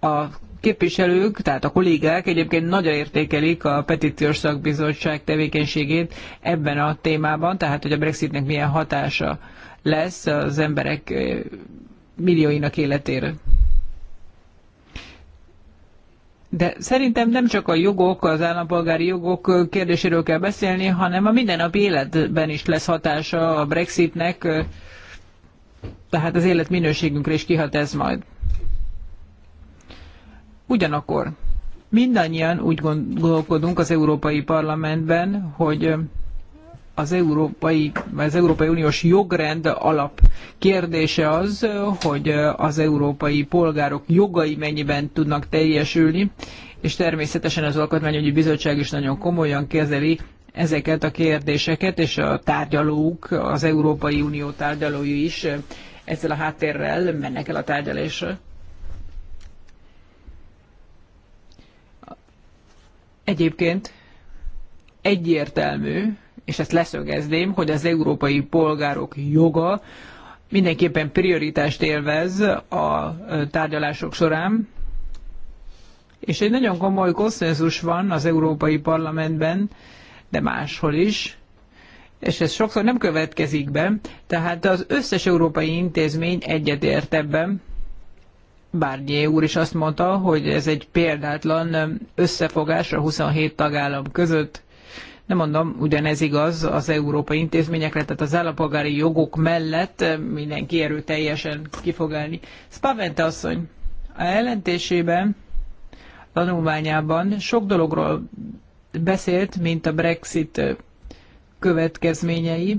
a képviselők, tehát a kollégák egyébként nagyon értékelik a petíciós szakbizottság tevékenységét ebben a témában, tehát hogy a Brexitnek milyen hatása lesz az emberek millióinak életére. De szerintem nem csak a jogok, az állampolgári jogok kérdéséről kell beszélni, hanem a mindennapi életben is lesz hatása a Brexitnek, tehát az életminőségünkre is kihat ez majd. Ugyanakkor mindannyian úgy gondolkodunk az Európai Parlamentben, hogy az Európai, az Európai Uniós jogrend alap kérdése az, hogy az európai polgárok jogai mennyiben tudnak teljesülni, és természetesen az Alkotmányügyi Bizottság is nagyon komolyan kezeli ezeket a kérdéseket, és a tárgyalók, az Európai Unió tárgyalói is ezzel a háttérrel mennek el a tárgyalésre. Egyébként egyértelmű, és ezt leszögezném, hogy az európai polgárok joga mindenképpen prioritást élvez a tárgyalások során, és egy nagyon komoly konszenzus van az Európai Parlamentben, de máshol is, és ez sokszor nem következik be, tehát az összes európai intézmény egyetért ebben. Bárnyé úr is azt mondta, hogy ez egy példátlan összefogás a 27 tagállam között, nem mondom, ugyanez igaz az európai intézményekre, tehát az állampolgári jogok mellett eh, mindenki erőteljesen ki fog állni. Spavente asszony, a jelentésében, tanulmányában sok dologról beszélt, mint a Brexit eh, következményei,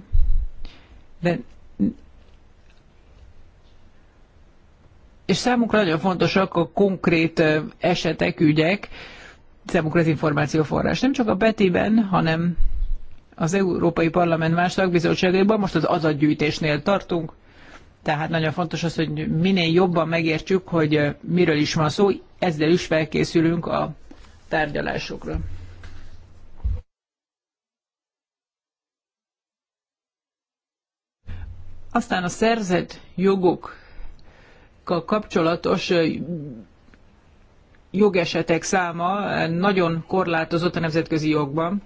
de és számukra nagyon fontosak a konkrét eh, esetek, ügyek, számukra az információforrás. Nem csak a Betiben, hanem az Európai Parlament más szakbizottságaiban most az adatgyűjtésnél tartunk, tehát nagyon fontos az, hogy minél jobban megértsük, hogy miről is van szó, ezzel is felkészülünk a tárgyalásokra. Aztán a szerzett jogokkal kapcsolatos jogesetek száma nagyon korlátozott a nemzetközi jogban.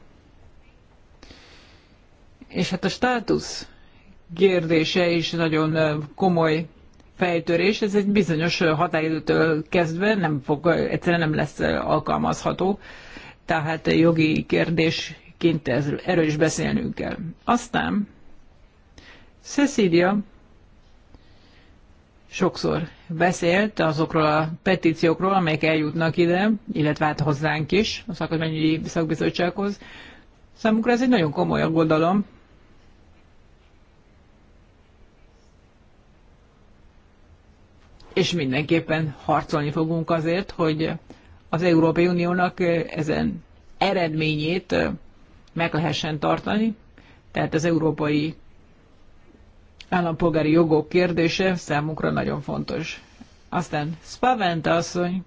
És hát a státusz kérdése is nagyon komoly fejtörés, ez egy bizonyos határidőtől kezdve nem fog, egyszerűen nem lesz alkalmazható, tehát jogi kérdésként erről is beszélnünk kell. Aztán Cecilia sokszor beszélt azokról a petíciókról, amelyek eljutnak ide, illetve hát hozzánk is, a szakadványügyi szakbizottsághoz. Számukra ez egy nagyon komoly aggodalom. És mindenképpen harcolni fogunk azért, hogy az Európai Uniónak ezen eredményét meg lehessen tartani, tehát az európai állampolgári jogok kérdése számunkra nagyon fontos. Aztán Spaventa asszony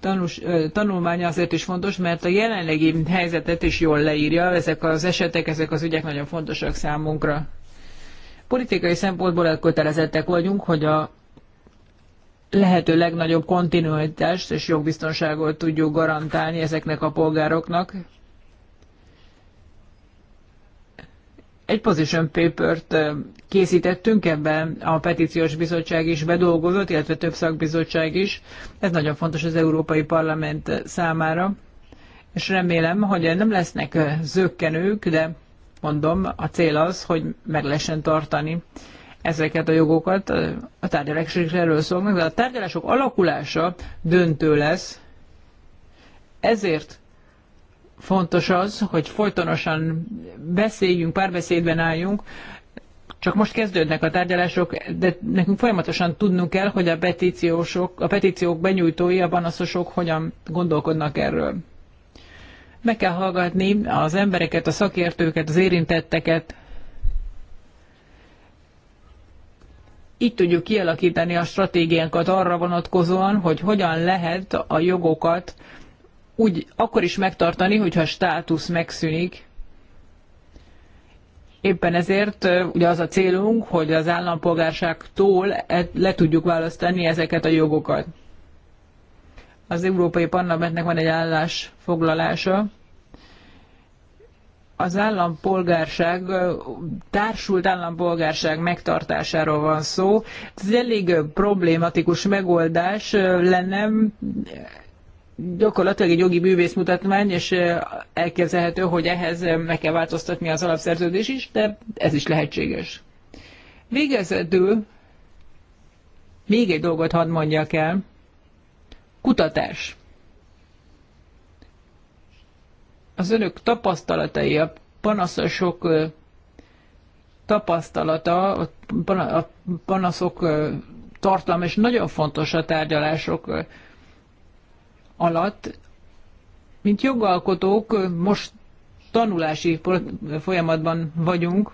tanús, tanulmánya azért is fontos, mert a jelenlegi helyzetet is jól leírja. Ezek az esetek, ezek az ügyek nagyon fontosak számunkra. Politikai szempontból elkötelezettek vagyunk, hogy a lehető legnagyobb kontinuitást és jogbiztonságot tudjuk garantálni ezeknek a polgároknak, egy position papert készítettünk, ebben a petíciós bizottság is bedolgozott, illetve több szakbizottság is. Ez nagyon fontos az Európai Parlament számára, és remélem, hogy nem lesznek zöggenők, de mondom, a cél az, hogy meg lehessen tartani ezeket a jogokat. A tárgyalások erről szólnak, de a tárgyalások alakulása döntő lesz, ezért fontos az, hogy folytonosan beszéljünk, párbeszédben álljunk, csak most kezdődnek a tárgyalások, de nekünk folyamatosan tudnunk kell, hogy a petíciósok, a petíciók benyújtói, a banaszosok hogyan gondolkodnak erről. Meg kell hallgatni az embereket, a szakértőket, az érintetteket. Így tudjuk kialakítani a stratégiánkat arra vonatkozóan, hogy hogyan lehet a jogokat úgy akkor is megtartani, hogyha a státusz megszűnik. Éppen ezért ugye az a célunk, hogy az állampolgárságtól e- le tudjuk választani ezeket a jogokat. Az Európai Parlamentnek van egy állásfoglalása, az állampolgárság, társult állampolgárság megtartásáról van szó. Ez egy elég problématikus megoldás lenne, gyakorlatilag egy jogi művész mutatmány, és elképzelhető, hogy ehhez meg kell változtatni az alapszerződés is, de ez is lehetséges. Végezetül még egy dolgot hadd mondjak el. Kutatás. Az önök tapasztalatai, a panaszosok tapasztalata, a panaszok tartalma, és nagyon fontos a tárgyalások alatt, mint jogalkotók most tanulási folyamatban vagyunk.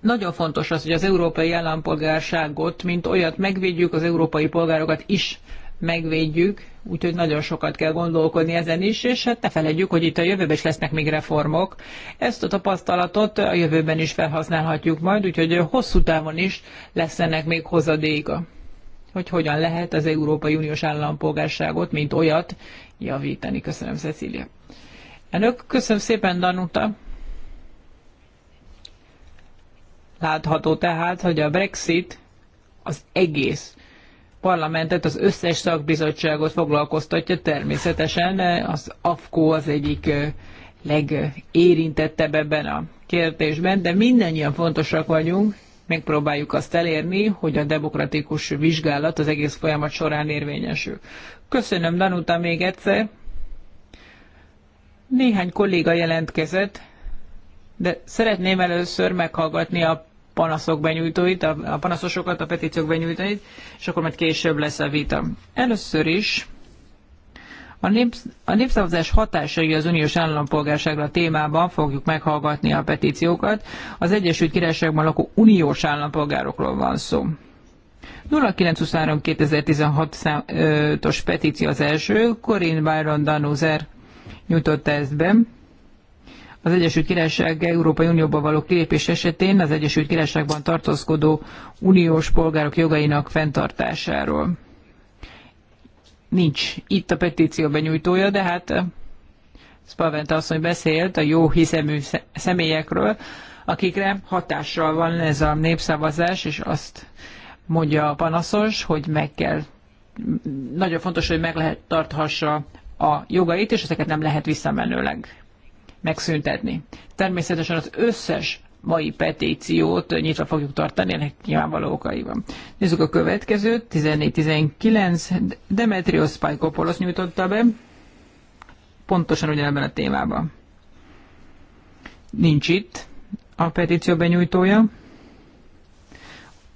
Nagyon fontos az, hogy az európai állampolgárságot, mint olyat megvédjük, az európai polgárokat is megvédjük, úgyhogy nagyon sokat kell gondolkodni ezen is, és hát ne felejtjük, hogy itt a jövőben is lesznek még reformok. Ezt a tapasztalatot a jövőben is felhasználhatjuk majd, úgyhogy hosszú távon is lesz ennek még hozadéka hogy hogyan lehet az Európai Uniós állampolgárságot, mint olyat javítani. Köszönöm, Cecília. Önök, köszönöm szépen, Danuta. Látható tehát, hogy a Brexit az egész parlamentet, az összes szakbizottságot foglalkoztatja természetesen. Az AFKO az egyik legérintettebb ebben a kérdésben, de mindannyian fontosak vagyunk, megpróbáljuk azt elérni, hogy a demokratikus vizsgálat az egész folyamat során érvényesül. Köszönöm Danuta még egyszer. Néhány kolléga jelentkezett, de szeretném először meghallgatni a panaszok benyújtóit, a panaszosokat, a petíciók benyújtóit, és akkor majd később lesz a vita. Először is a, népsz, a népszavazás hatásai az uniós állampolgárságra témában fogjuk meghallgatni a petíciókat. Az Egyesült Királyságban lakó uniós állampolgárokról van szó. 0923 2016-os petíció az első, Corinne Byron Danuzer nyújtotta ezt be. Az Egyesült Királyság Európai Unióba való kilépés esetén az Egyesült Királyságban tartózkodó uniós polgárok jogainak fenntartásáról nincs itt a petíció benyújtója, de hát eh, Spaventa asszony beszélt a jó hiszemű személyekről, akikre hatással van ez a népszavazás, és azt mondja a panaszos, hogy meg kell, nagyon fontos, hogy meg lehet tarthassa a jogait, és ezeket nem lehet visszamenőleg megszüntetni. Természetesen az összes mai petíciót nyitva fogjuk tartani, ennek nyilvánvaló okai van. Nézzük a következőt, 14-19, Demetrios Pajkopoulos nyújtotta be, pontosan ugyanebben a témában. Nincs itt a petíció benyújtója,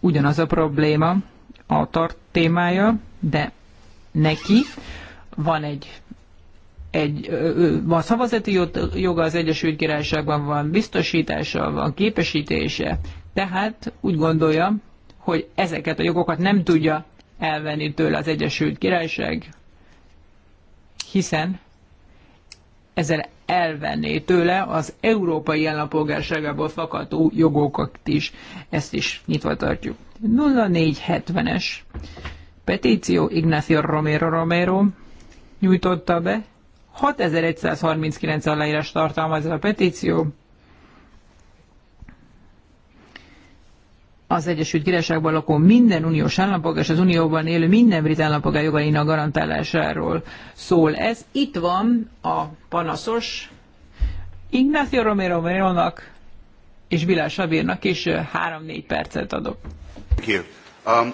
ugyanaz a probléma, a tart témája, de neki van egy egy, a szavazati joga az Egyesült Királyságban van, biztosítása van, képesítése, tehát úgy gondolja, hogy ezeket a jogokat nem tudja elvenni tőle az Egyesült Királyság, hiszen ezzel elvenné tőle az európai állampolgárságából fakadó jogokat is. Ezt is nyitva tartjuk. 0470-es petíció Ignacio Romero Romero nyújtotta be, 6139 aláírás tartalmaz a petíció. Az Egyesült Királyságban lakó minden uniós állampolgár és az unióban élő minden brit állampolgár jogainak garantálásáról szól. Ez itt van a panaszos Ignacio Romero Meronak és Vilás Sabírnak is 3-4 percet adok. Um,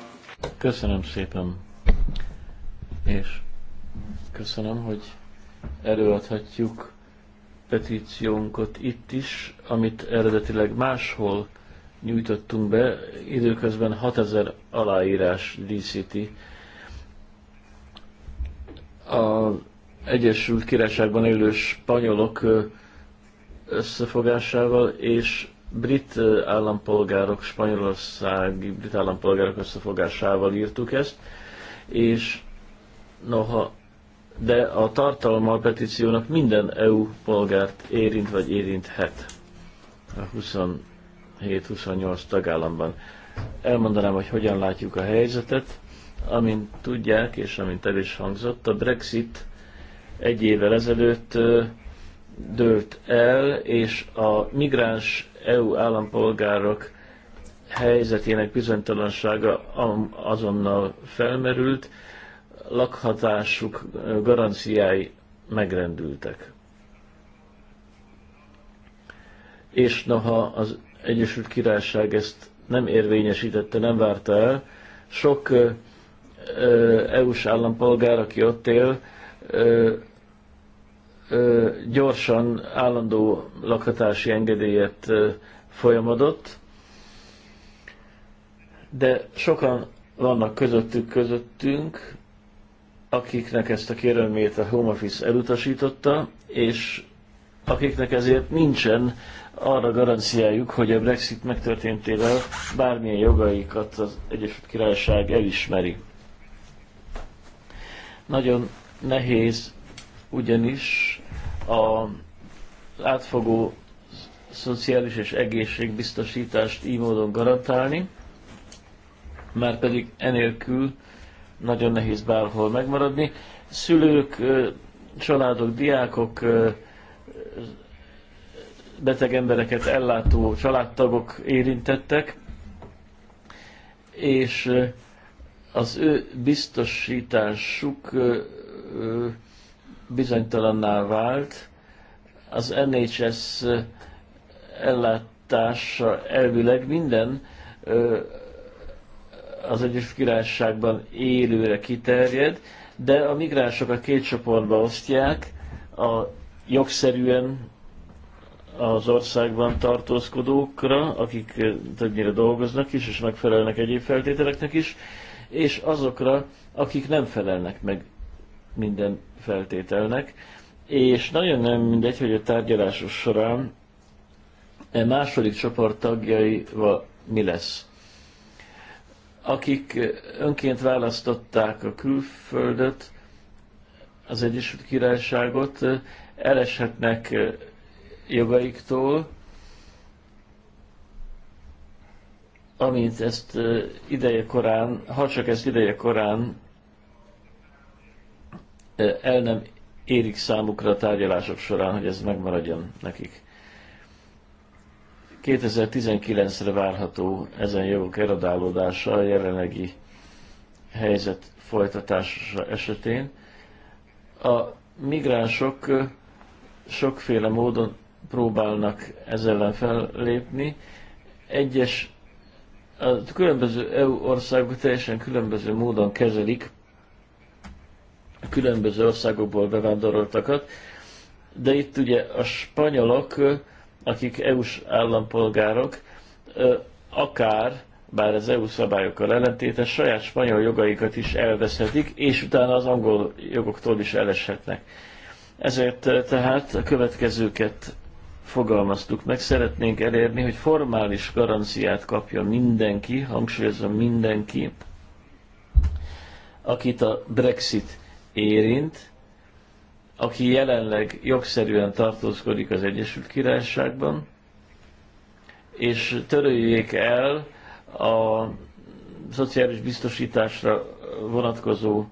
köszönöm szépen, és köszönöm, hogy előadhatjuk petíciónkat itt is, amit eredetileg máshol nyújtottunk be, időközben 6000 aláírás díszíti az Egyesült Királyságban élő spanyolok összefogásával, és brit állampolgárok, spanyolországi brit állampolgárok összefogásával írtuk ezt, és noha de a tartalma a petíciónak minden EU polgárt érint vagy érinthet a 27-28 tagállamban. Elmondanám, hogy hogyan látjuk a helyzetet. Amint tudják, és amint el is hangzott, a Brexit egy évvel ezelőtt dőlt el, és a migráns EU állampolgárok helyzetének bizonytalansága azonnal felmerült, lakhatásuk garanciái megrendültek. És noha az Egyesült Királyság ezt nem érvényesítette, nem várta el, sok EU-s állampolgár, aki ott él, gyorsan állandó lakhatási engedélyet folyamodott, de sokan vannak közöttük közöttünk, akiknek ezt a kérelmét a Home Office elutasította, és akiknek ezért nincsen arra garanciájuk, hogy a Brexit megtörténtével bármilyen jogaikat az Egyesült Királyság elismeri. Nagyon nehéz ugyanis a átfogó szociális és egészségbiztosítást így módon garantálni, mert pedig enélkül nagyon nehéz bárhol megmaradni. Szülők, családok, diákok, beteg embereket ellátó családtagok érintettek, és az ő biztosításuk bizonytalanná vált. Az NHS ellátása elvileg minden az egyes Királyságban élőre kiterjed, de a a két csoportba osztják, a jogszerűen az országban tartózkodókra, akik többnyire dolgoznak is, és megfelelnek egyéb feltételeknek is, és azokra, akik nem felelnek meg minden feltételnek. És nagyon nem mindegy, hogy a tárgyalások során a e második csoport tagjaival mi lesz akik eh, önként választották a külföldöt, az Egyesült Királyságot, eh, eleshetnek eh, jogaiktól, amint ezt ideje korán, ha csak ezt ideje korán el nem érik számukra a tárgyalások során, hogy ez megmaradjon nekik. 2019-re várható ezen jogok eradálódása a jelenlegi helyzet folytatása esetén. A migránsok sokféle módon próbálnak ezzel ellen fellépni. Egyes a különböző EU országok teljesen különböző módon kezelik a különböző országokból bevándoroltakat, de itt ugye a spanyolok akik EU-s állampolgárok, akár, bár az EU szabályokkal ellentétes, saját spanyol jogaikat is elveszhetik, és utána az angol jogoktól is eleshetnek. Ezért tehát a következőket fogalmaztuk meg, szeretnénk elérni, hogy formális garanciát kapja mindenki, hangsúlyozom mindenki, akit a Brexit érint, aki jelenleg jogszerűen tartózkodik az Egyesült Királyságban, és töröljék el a szociális biztosításra vonatkozó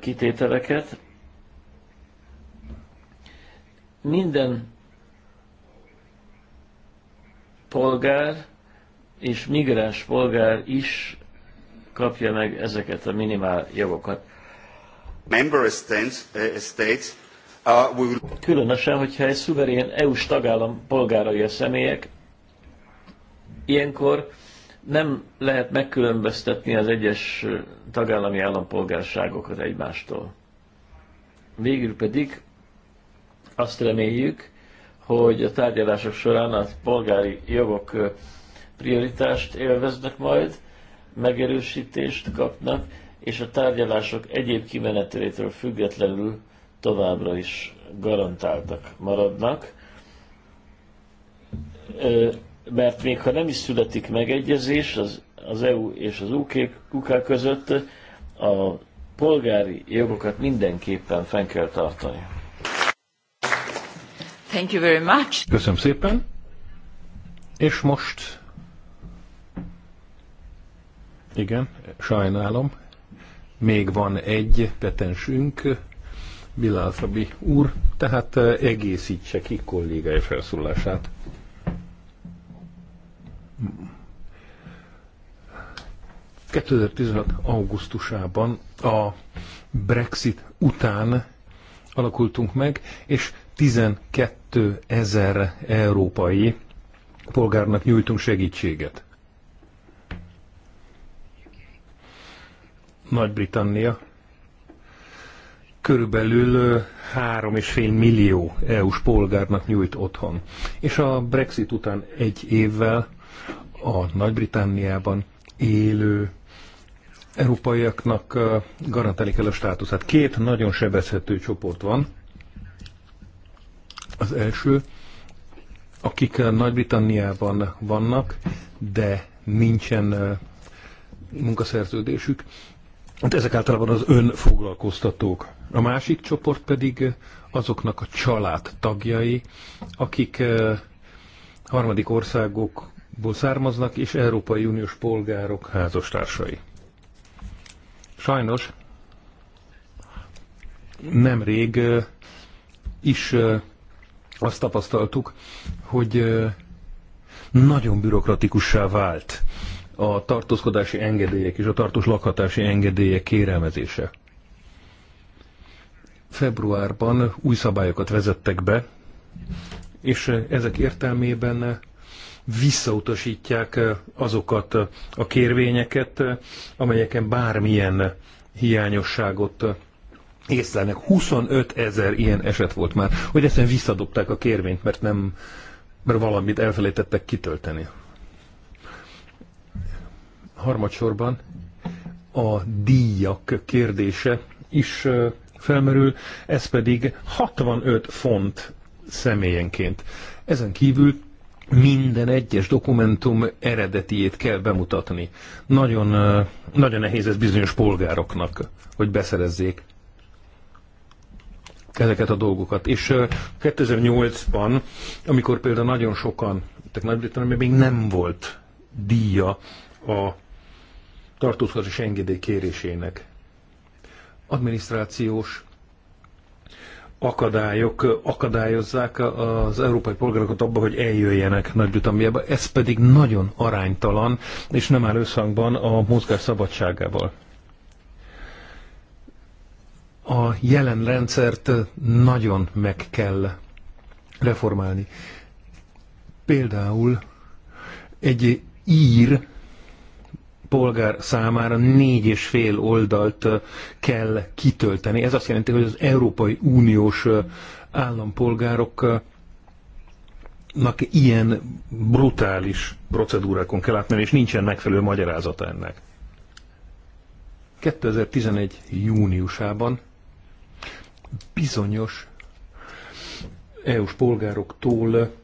kitételeket. Minden polgár és migráns polgár is kapja meg ezeket a minimál jogokat member states, eh, states uh, will... Különösen, hogyha egy szuverén EU-s tagállam polgárai a személyek, ilyenkor nem lehet megkülönböztetni az egyes eh, tagállami állampolgárságokat egymástól. Végül pedig azt reméljük, hogy a tárgyalások során a polgári jogok eh, prioritást élveznek majd, megerősítést kapnak, és a tárgyalások egyéb kimenetelétől függetlenül továbbra is garantáltak maradnak, mert még ha nem is születik megegyezés az, az EU és az UK között, a polgári jogokat mindenképpen fenn kell tartani. Thank you very much. Köszönöm szépen. És most... Igen, sajnálom, még van egy petensünk, Bilászabi úr, tehát eh, egészítse ki kollégai felszólását. Hmm. 2016. augusztusában a Brexit után alakultunk meg, és 12 ezer európai polgárnak nyújtunk segítséget. Nagy-Britannia körülbelül 3,5 millió EU-s polgárnak nyújt otthon. És a Brexit után egy évvel a Nagy-Britanniában élő európaiaknak garantálni kell a státuszát. Két nagyon sebezhető csoport van. Az első, akik Nagy-Britanniában vannak, de nincsen munkaszerződésük, Hát ezek általában az önfoglalkoztatók. A másik csoport pedig azoknak a család tagjai, akik eh, harmadik országokból származnak, és Európai Uniós polgárok házastársai. Sajnos nemrég eh, is eh, azt tapasztaltuk, hogy nagyon bürokratikussá vált a tartózkodási engedélyek és a tartós lakhatási engedélyek kérelmezése. Februárban új szabályokat vezettek be, és ezek értelmében visszautasítják azokat a kérvényeket, amelyeken bármilyen hiányosságot észlelnek. 25 ezer ilyen eset volt már, hogy egyszerűen visszadobták a kérvényt, mert nem, mert valamit elfelejtettek kitölteni harmadsorban a díjak kérdése is felmerül, ez pedig 65 font személyenként. Ezen kívül minden egyes dokumentum eredetiét kell bemutatni. Nagyon, nagyon nehéz ez bizonyos polgároknak, hogy beszerezzék ezeket a dolgokat. És 2008-ban, amikor például nagyon sokan, tehát nagy még nem volt díja a tartózkodás engedély kérésének. Adminisztrációs akadályok akadályozzák az európai polgárokat abba, hogy eljöjjenek Nagy-Britanniába, ez pedig nagyon aránytalan, és nem áll összhangban a mozgás szabadságával. A jelen rendszert nagyon meg kell reformálni. Például egy ír polgár számára négy és fél oldalt kell kitölteni. Ez azt jelenti, hogy az Európai Uniós állampolgárok ilyen brutális procedúrákon kell átmenni, és nincsen megfelelő magyarázata ennek. 2011. júniusában bizonyos EU-s polgároktól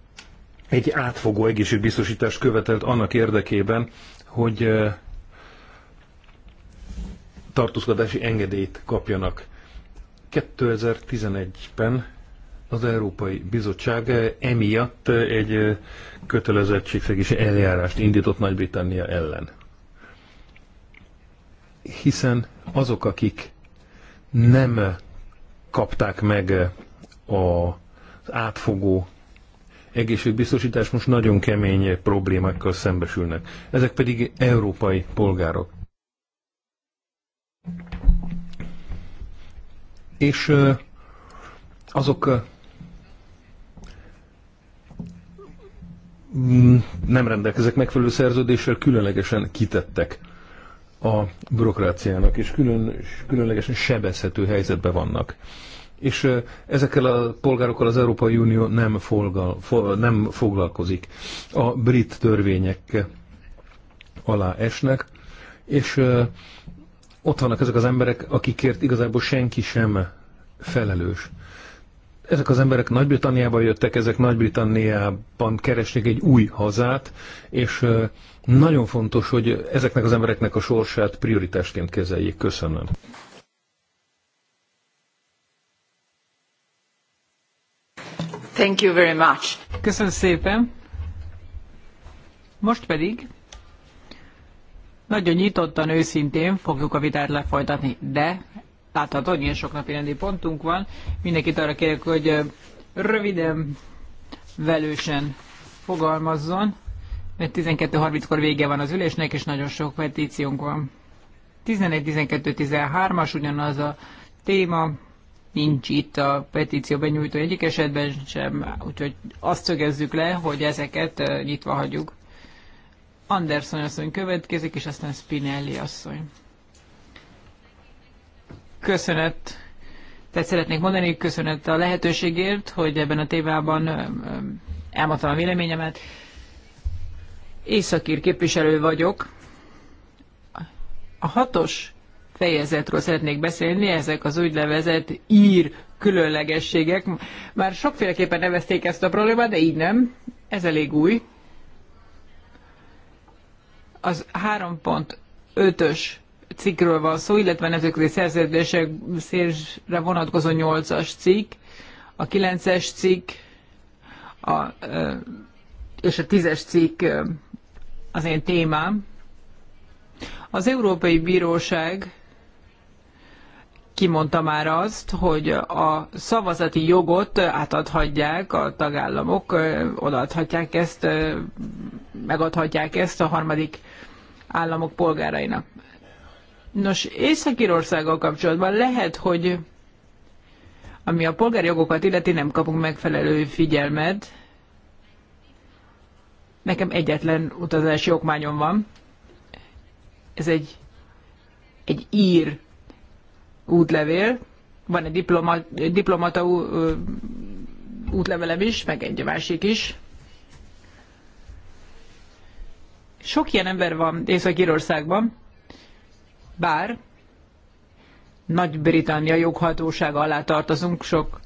egy átfogó egészségbiztosítást követelt annak érdekében, hogy tartózkodási engedélyt kapjanak. 2011-ben az Európai Bizottság emiatt egy kötelezettségszegési eljárást indított Nagy-Britannia ellen. Hiszen azok, akik nem kapták meg az átfogó egészségbiztosítás most nagyon kemény problémákkal szembesülnek. Ezek pedig európai polgárok. És azok mm, nem rendelkezek megfelelő szerződéssel, különlegesen kitettek a bürokráciának, és külön, különlegesen sebezhető helyzetben vannak. És ezekkel a polgárokkal az Európai Unió nem, folgal, fo, nem foglalkozik. A brit törvények alá esnek, és ott vannak ezek az emberek, akikért igazából senki sem felelős. Ezek az emberek Nagy-Britanniába jöttek, ezek Nagy-Britanniában keresnek egy új hazát, és nagyon fontos, hogy ezeknek az embereknek a sorsát prioritásként kezeljék. Köszönöm. Thank you very much. Köszönöm szépen. Most pedig nagyon nyitottan, őszintén fogjuk a vitát lefolytatni, de látható, hogy milyen sok napi rendi pontunk van. Mindenkit arra kérek, hogy röviden, velősen fogalmazzon, mert 12.30-kor vége van az ülésnek, és nagyon sok petíciónk van. 11-12-13-as ugyanaz a téma, nincs itt a petíció benyújtó egyik esetben sem, úgyhogy azt szögezzük le, hogy ezeket nyitva hagyjuk. Anderson asszony következik, és aztán Spinelli asszony. Köszönet. Tehát szeretnék mondani, köszönet a lehetőségért, hogy ebben a témában elmondtam a véleményemet. Északír képviselő vagyok. A hatos fejezetről szeretnék beszélni, ezek az úgynevezett ír különlegességek. Már sokféleképpen nevezték ezt a problémát, de így nem. Ez elég új az 3.5-ös cikkről van szó, illetve nemzetközi szerződések szélre vonatkozó 8-as cikk, a 9-es cikk a, és a 10-es cikk az én témám. Az Európai Bíróság kimondta már azt, hogy a szavazati jogot átadhatják a tagállamok, odaadhatják ezt, megadhatják ezt a harmadik államok polgárainak. Nos, Észak-Írországgal kapcsolatban lehet, hogy ami a polgári jogokat illeti, nem kapunk megfelelő figyelmet. Nekem egyetlen utazási okmányom van. Ez egy, egy ír útlevél. Van egy diploma, diplomata útlevelem is, meg egy másik is. Sok ilyen ember van Észak-Írországban, bár Nagy-Britannia joghatósága alá tartozunk sok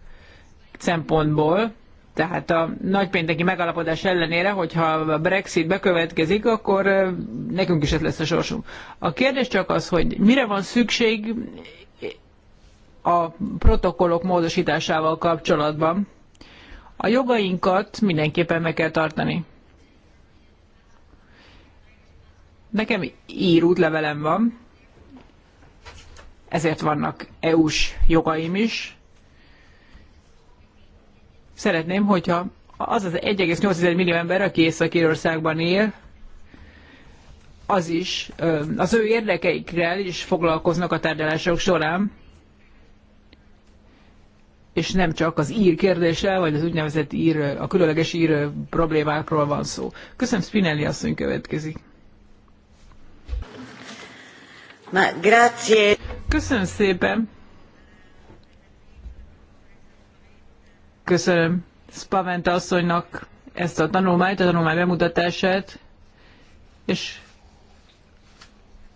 szempontból, tehát a nagypénteki megalapodás ellenére, hogyha a Brexit bekövetkezik, akkor nekünk is ez lesz a sorsunk. A kérdés csak az, hogy mire van szükség a protokollok módosításával kapcsolatban. A jogainkat mindenképpen meg kell tartani. Nekem ír útlevelem van, ezért vannak EU-s jogaim is. Szeretném, hogyha az az 1,8 millió ember, aki Észak-Írországban él, az is, az ő érdekeikkel is foglalkoznak a tárgyalások során, és nem csak az ír kérdéssel, vagy az úgynevezett ír, a különleges ír problémákról van szó. Köszönöm, Spinelli asszony következik. Ma, grazie. Köszönöm szépen. Köszönöm Spaventa asszonynak ezt a tanulmányt, a tanulmány bemutatását, és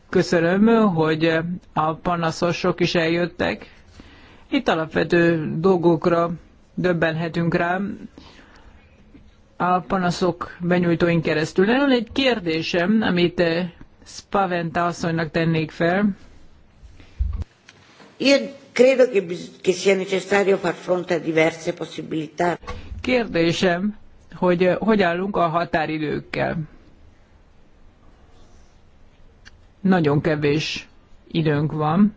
köszönöm, hogy a panaszosok is eljöttek. Itt alapvető dolgokra döbbenhetünk rá a panaszok benyújtóin keresztül. Lenne egy kérdésem, amit Spaventa asszonynak tennék fel. Én credo che, che sia necessario far fronte a diverse possibilità. Kérdésem, hogy eh, hogy állunk a határidőkkel? Nagyon kevés időnk van.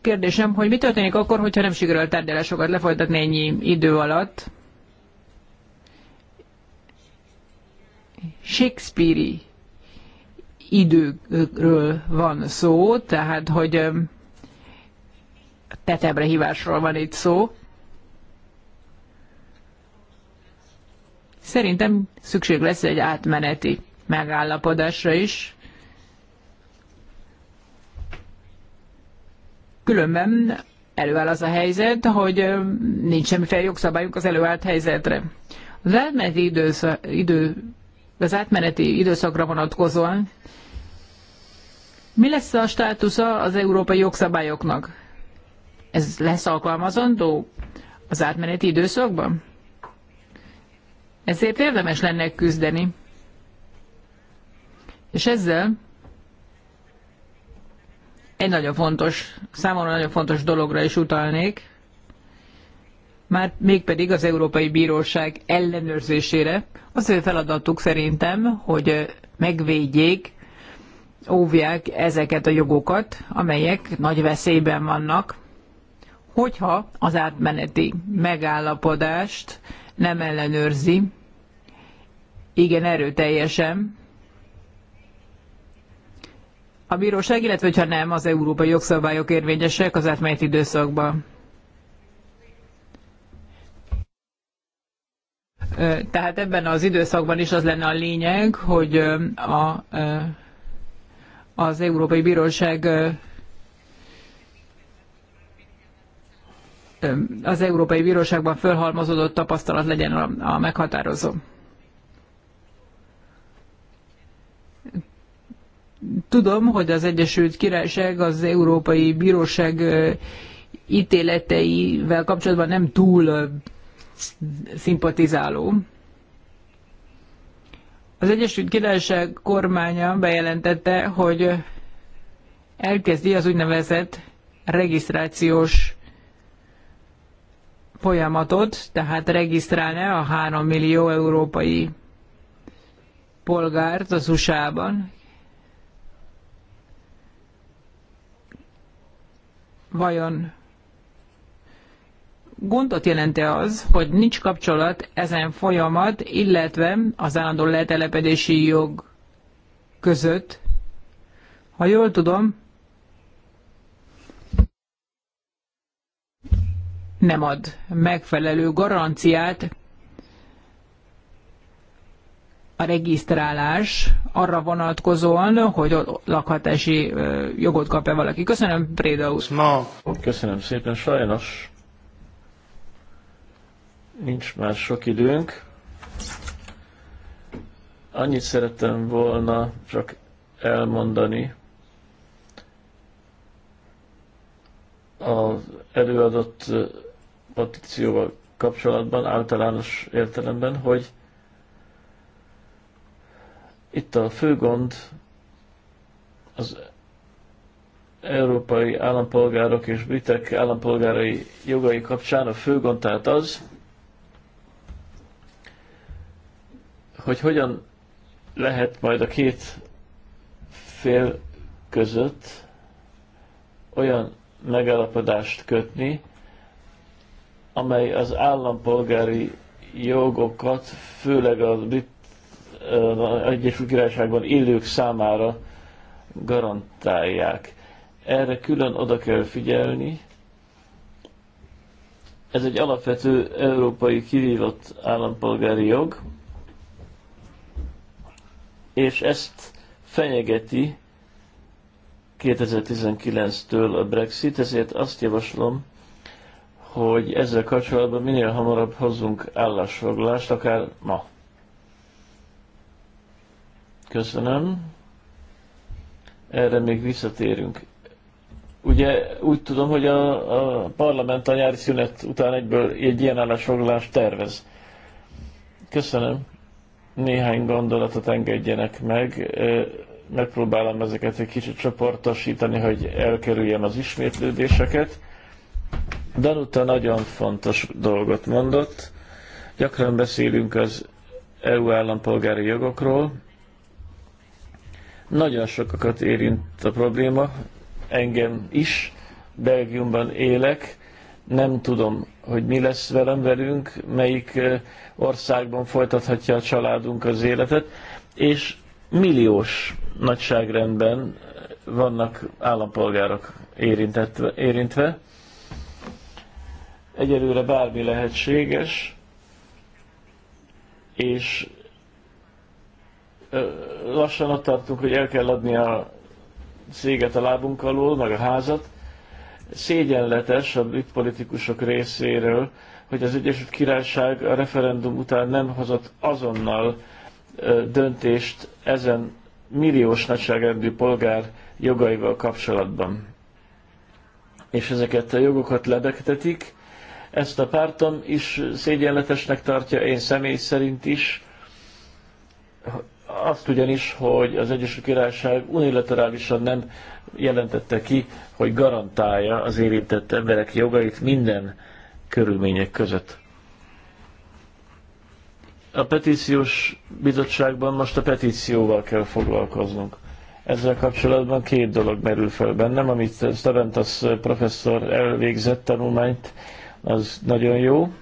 Kérdésem, hogy mi történik akkor, hogyha nem sikerül a tárgyalásokat lefolytatni ennyi idő alatt? Shakespeare-i időről van szó, tehát hogy tetebre hívásról van itt szó. Szerintem szükség lesz egy átmeneti megállapodásra is. Különben előáll az a helyzet, hogy nincs semmiféle jogszabályunk az előállt helyzetre. Az átmeneti, időszak, idő, az átmeneti időszakra vonatkozóan mi lesz a státusza az európai jogszabályoknak? Ez lesz alkalmazandó az átmeneti időszakban? Ezért érdemes lenne küzdeni. És ezzel egy nagyon fontos, számomra nagyon fontos dologra is utalnék, már mégpedig az Európai Bíróság ellenőrzésére. Az ő feladatuk szerintem, hogy megvédjék óvják ezeket a jogokat, amelyek nagy veszélyben vannak, hogyha az átmeneti megállapodást nem ellenőrzi, igen erőteljesen, a bíróság, illetve ha nem, az európai jogszabályok érvényesek az átmeneti időszakban. Tehát ebben az időszakban is az lenne a lényeg, hogy a az Európai Bíróság az Európai Bíróságban fölhalmozódott tapasztalat legyen a, meghatározó. Tudom, hogy az Egyesült Királyság az Európai Bíróság ítéleteivel kapcsolatban nem túl szimpatizáló. Az Egyesült Királyság kormánya bejelentette, hogy elkezdi az úgynevezett regisztrációs folyamatot, tehát regisztrálne a 3 millió európai polgárt az USA-ban. Vajon gondot jelente az, hogy nincs kapcsolat ezen folyamat, illetve az állandó letelepedési jog között. Ha jól tudom, nem ad megfelelő garanciát a regisztrálás arra vonatkozóan, hogy lakhatási jogot kap-e valaki. Köszönöm, Préda úr. Köszönöm szépen, sajnos Nincs már sok időnk. Annyit szerettem volna csak elmondani az előadott petícióval kapcsolatban, általános értelemben, hogy itt a fő gond az európai állampolgárok és britek állampolgárai jogai kapcsán a fő gond tehát az, hogy hogyan lehet majd a két fél között olyan megállapodást kötni, amely az állampolgári jogokat, főleg az eh, Egyesült Királyságban élők számára garantálják. Erre külön oda kell figyelni. Ez egy alapvető európai kivívott állampolgári jog, és ezt fenyegeti 2019-től a Brexit, ezért azt javaslom, hogy ezzel kapcsolatban minél hamarabb hozzunk állásfoglalást, akár ma. Köszönöm. Erre még visszatérünk. Ugye úgy tudom, hogy a, a parlament a nyári szünet után egyből egy ilyen állásfoglalást tervez. Köszönöm. Néhány gondolatot engedjenek meg. Megpróbálom ezeket egy kicsit csoportosítani, hogy elkerüljem az ismétlődéseket. Danuta nagyon fontos dolgot mondott. Gyakran beszélünk az EU állampolgári jogokról. Nagyon sokakat érint a probléma, engem is. Belgiumban élek, nem tudom, hogy mi lesz velem velünk, melyik országban folytathatja a családunk az életet, és milliós nagyságrendben vannak állampolgárok érintve. érintve. Egyelőre bármi lehetséges, és lassan ott tartunk, hogy el kell adni a széget a lábunk alól, meg a házat, szégyenletes a brit politikusok részéről, hogy az Egyesült Királyság a referendum után nem hozott azonnal döntést ezen milliós nagyságrendű polgár jogaival kapcsolatban. És ezeket a jogokat lebegtetik. Ezt a pártom is szégyenletesnek tartja, én személy szerint is. Azt ugyanis, hogy az Egyesült Királyság unilaterálisan nem jelentette ki, hogy garantálja az érintett emberek jogait minden körülmények között. A petíciós bizottságban most a petícióval kell foglalkoznunk. Ezzel kapcsolatban két dolog merül fel bennem, amit Starantas professzor elvégzett tanulmányt, az nagyon jó,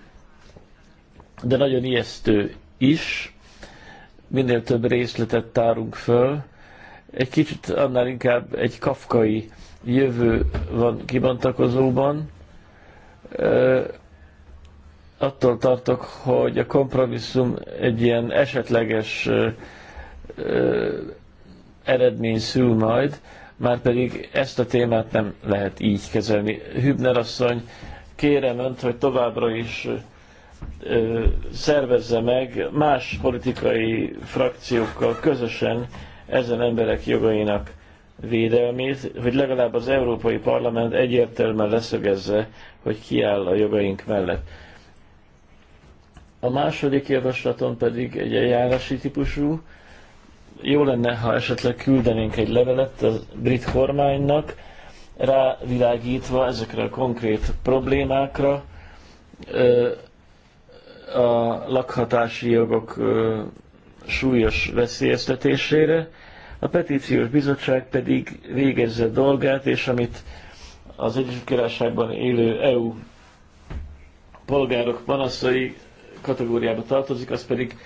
de nagyon ijesztő is. Minél több részletet tárunk föl, egy kicsit annál inkább egy kafkai jövő van kibontakozóban. Attól tartok, hogy a kompromisszum egy ilyen esetleges eredmény szül majd, már pedig ezt a témát nem lehet így kezelni. Hübner asszony, kérem önt, hogy továbbra is ö, szervezze meg más politikai frakciókkal közösen ezen emberek jogainak védelmét, hogy legalább az Európai Parlament egyértelműen leszögezze, hogy kiáll a jogaink mellett. A második javaslaton pedig egy eljárási típusú. Jó lenne, ha esetleg küldenénk egy levelet a brit kormánynak, rávilágítva ezekre a konkrét problémákra, a lakhatási jogok súlyos veszélyeztetésére, a petíciós bizottság pedig végezze dolgát, és amit az Egyesült Királyságban élő EU polgárok panaszai kategóriába tartozik, azt pedig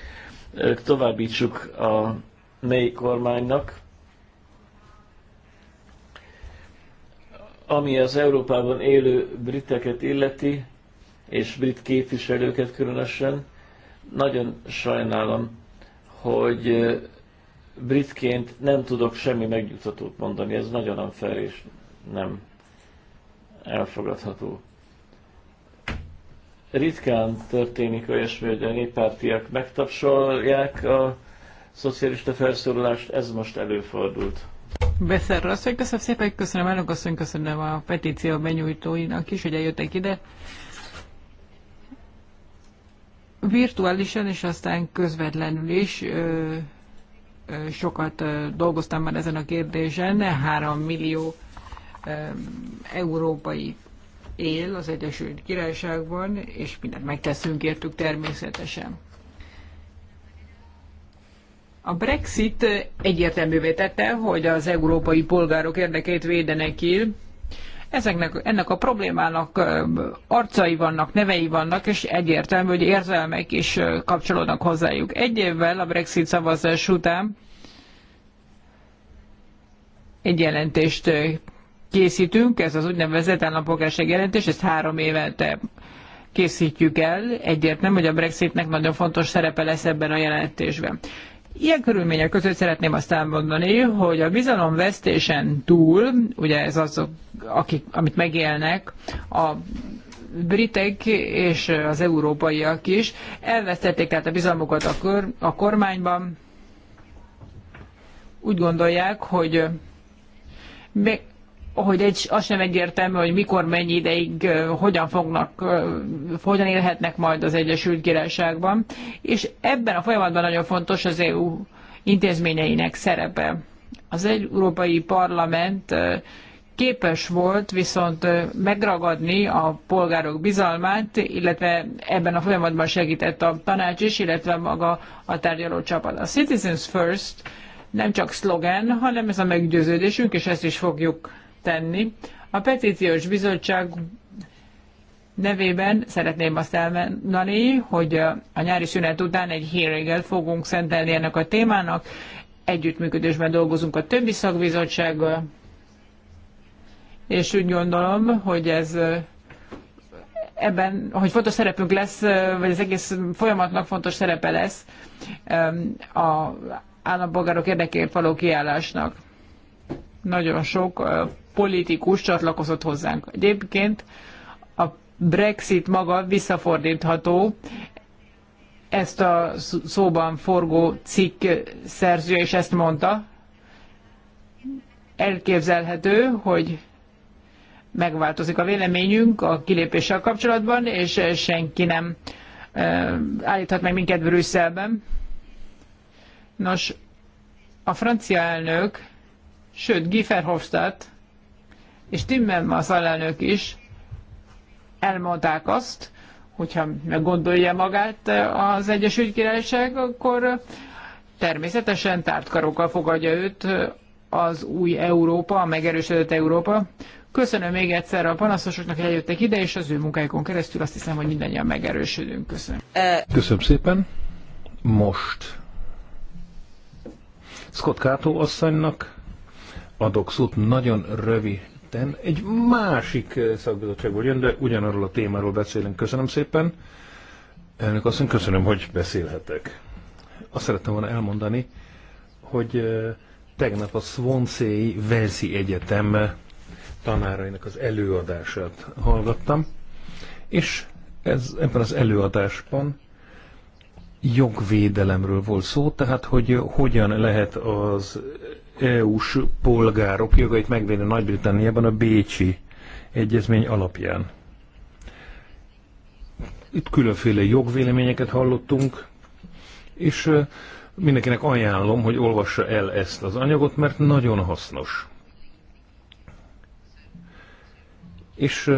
továbbítsuk a mely kormánynak, ami az Európában élő briteket illeti, és brit képviselőket különösen, nagyon sajnálom, hogy britként nem tudok semmi megnyugtatót mondani. Ez nagyon unfair és nem elfogadható. Ritkán történik olyasmi, hogy a néppártiak megtapsolják a szocialista felszólalást, ez most előfordult. Beszerre hogy köszönöm szépen, köszönöm elnök köszönöm a petíció benyújtóinak is, hogy eljöttek ide virtuálisan és aztán közvetlenül is ö, ö, sokat ö, dolgoztam már ezen a kérdésen. 3 millió ö, európai él az Egyesült Királyságban, és mindent megteszünk értük természetesen. A Brexit egyértelművé tette, hogy az európai polgárok érdekét védenek ki, Ezeknek, ennek a problémának arcai vannak, nevei vannak, és egyértelmű, hogy érzelmek is kapcsolódnak hozzájuk. Egy évvel a Brexit szavazás után egy jelentést készítünk, ez az úgynevezett állampolgárság jelentés, ezt három évente készítjük el. Egyértelmű, hogy a Brexitnek nagyon fontos szerepe lesz ebben a jelentésben. Ilyen körülmények között szeretném azt elmondani, hogy a bizalomvesztésen túl, ugye ez azok, akik, amit megélnek, a britek és az európaiak is elvesztették át a bizalmukat a, kör, a kormányban. Úgy gondolják, hogy hogy egy, az sem egyértelmű, hogy mikor, mennyi ideig, hogyan fognak, hogyan élhetnek majd az Egyesült Királyságban. És ebben a folyamatban nagyon fontos az EU intézményeinek szerepe. Az Európai Parlament képes volt viszont megragadni a polgárok bizalmát, illetve ebben a folyamatban segített a tanács is, illetve maga a tárgyaló csapat. A Citizens First nem csak szlogen, hanem ez a meggyőződésünk, és ezt is fogjuk tenni. A petíciós bizottság nevében szeretném azt elmondani, hogy a nyári szünet után egy hearinget fogunk szentelni ennek a témának. Együttműködésben dolgozunk a többi szakbizottsággal, és úgy gondolom, hogy ez ebben, hogy fontos szerepünk lesz, vagy az egész folyamatnak fontos szerepe lesz a állampolgárok érdekért való kiállásnak. Nagyon sok politikus csatlakozott hozzánk. Egyébként a Brexit maga visszafordítható, ezt a szóban forgó cikk szerzője is ezt mondta. Elképzelhető, hogy megváltozik a véleményünk a kilépéssel kapcsolatban, és senki nem állíthat meg minket Brüsszelben. Nos, a francia elnök, sőt Guy Verhofstadt és Timmermans alelnök is elmondták azt, hogyha meggondolja magát az Egyesült Királyság, akkor természetesen tártkarokkal fogadja őt az új Európa, a megerősödött Európa. Köszönöm még egyszer a panaszosoknak, hogy eljöttek ide, és az ő munkáikon keresztül azt hiszem, hogy mindannyian megerősödünk. Köszönöm. Köszönöm szépen. Most Scott Kátó asszonynak adok szót nagyon rövid ketten egy másik eh, szakbizottságból jön, de ugyanarról a témáról beszélünk. Köszönöm szépen. Elnök asszony, köszönöm, hogy beszélhetek. Azt szerettem volna elmondani, hogy eh, tegnap a Swansea Velszi Egyetem eh, tanárainak az előadását hallgattam, és ez, ebben az előadásban jogvédelemről volt szó, tehát hogy hogyan lehet az EU-s polgárok jogait megvédeni Nagy-Britanniában a Bécsi Egyezmény alapján. Itt különféle jogvéleményeket hallottunk, és mindenkinek ajánlom, hogy olvassa el ezt az anyagot, mert nagyon hasznos. És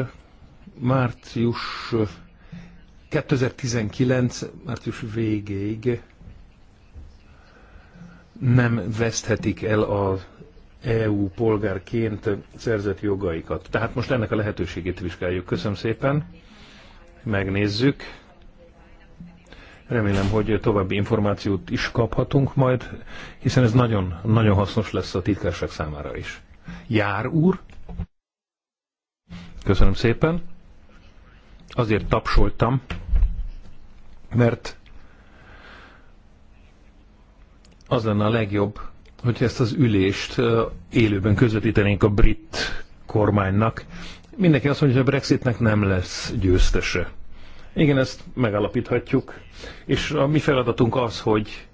március 2019. március végéig nem veszthetik el az EU polgárként szerzett jogaikat. Tehát most ennek a lehetőségét vizsgáljuk. Köszönöm szépen, megnézzük. Remélem, hogy további információt is kaphatunk majd, hiszen ez nagyon, nagyon hasznos lesz a titkárság számára is. Jár úr! Köszönöm szépen! azért tapsoltam, mert az lenne a legjobb, hogy ezt az ülést élőben közvetítenénk a brit kormánynak. Mindenki azt mondja, hogy a Brexitnek nem lesz győztese. Igen, ezt megállapíthatjuk. És a mi feladatunk az, hogy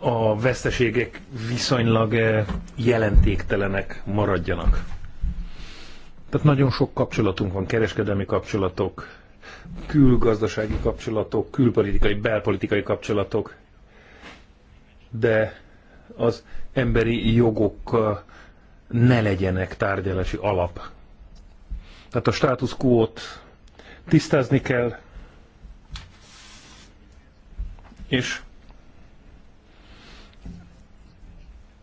a veszteségek viszonylag jelentéktelenek maradjanak. Tehát nagyon sok kapcsolatunk van, kereskedelmi kapcsolatok, külgazdasági kapcsolatok, külpolitikai, belpolitikai kapcsolatok, de az emberi jogok ne legyenek tárgyalási alap. Tehát a status quo-t tisztázni kell, és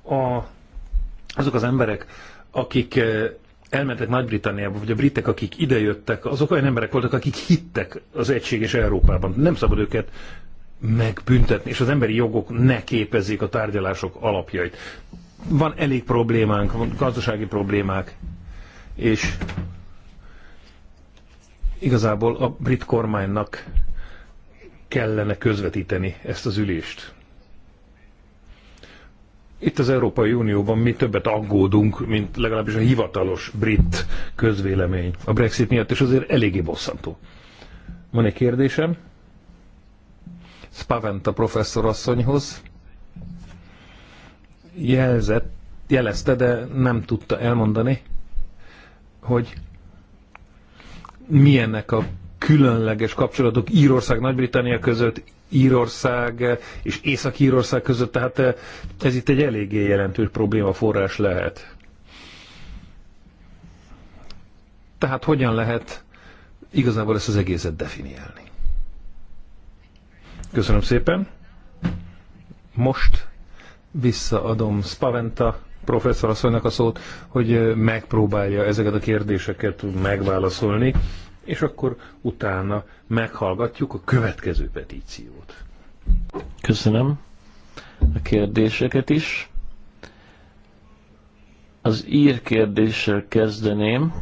a, azok az emberek, akik elmentek Nagy-Britanniába, vagy a britek, akik idejöttek, azok olyan emberek voltak, akik hittek az egységes Európában. Nem szabad őket megbüntetni, és az emberi jogok ne képezzék a tárgyalások alapjait. Van elég problémánk, van gazdasági problémák, és igazából a brit kormánynak kellene közvetíteni ezt az ülést itt az Európai Unióban mi többet aggódunk, mint legalábbis a hivatalos brit közvélemény a Brexit miatt, és azért eléggé bosszantó. Van egy kérdésem? Spaventa professzorasszonyhoz jelzett, jelezte, de nem tudta elmondani, hogy milyennek a különleges kapcsolatok Írország-Nagy-Britannia között, Írország és Észak-Írország között, tehát eh, ez itt egy eléggé jelentős probléma forrás lehet. Tehát hogyan lehet igazából ezt az egészet definiálni? Köszönöm szépen. Most visszaadom Spaventa asszonynak a szót, hogy eh, megpróbálja ezeket a kérdéseket megválaszolni, és akkor utána meghallgatjuk a következő petíciót. Köszönöm a kérdéseket is. Az ír kérdéssel kezdeném.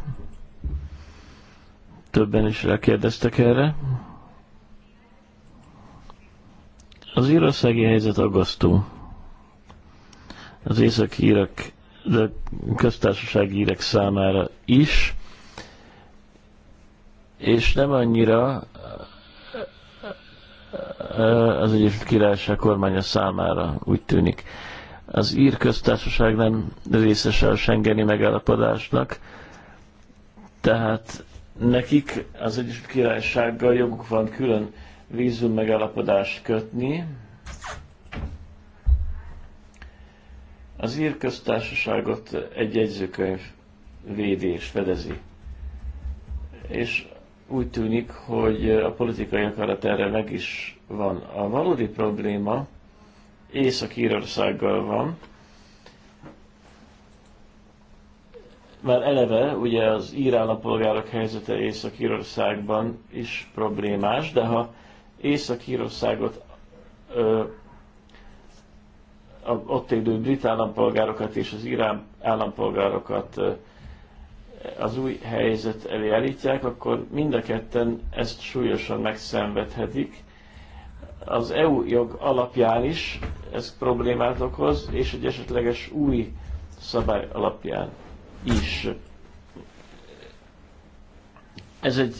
Többen is rákérdeztek erre. Az írországi helyzet aggasztó. Az északi írek, de köztársasági írek számára is és nem annyira az Egyesült Királyság kormánya számára úgy tűnik. Az ír köztársaság nem részese a Schengeni megállapodásnak, tehát nekik az Egyesült Királysággal joguk van külön vízum megállapodást kötni. Az ír köztársaságot egy jegyzőkönyv védés fedezi. És úgy tűnik, hogy a politikai akarat erre meg is van. A valódi probléma Észak-Írországgal van. Már eleve ugye az ír állampolgárok helyzete Észak-Írországban is problémás, de ha Észak-Írországot a ott élő brit állampolgárokat és az irán állampolgárokat az új helyzet elé állítják, akkor mind a ketten ezt súlyosan megszenvedhetik. Az EU jog alapján is ez problémát okoz, és egy esetleges új szabály alapján is. Ez egy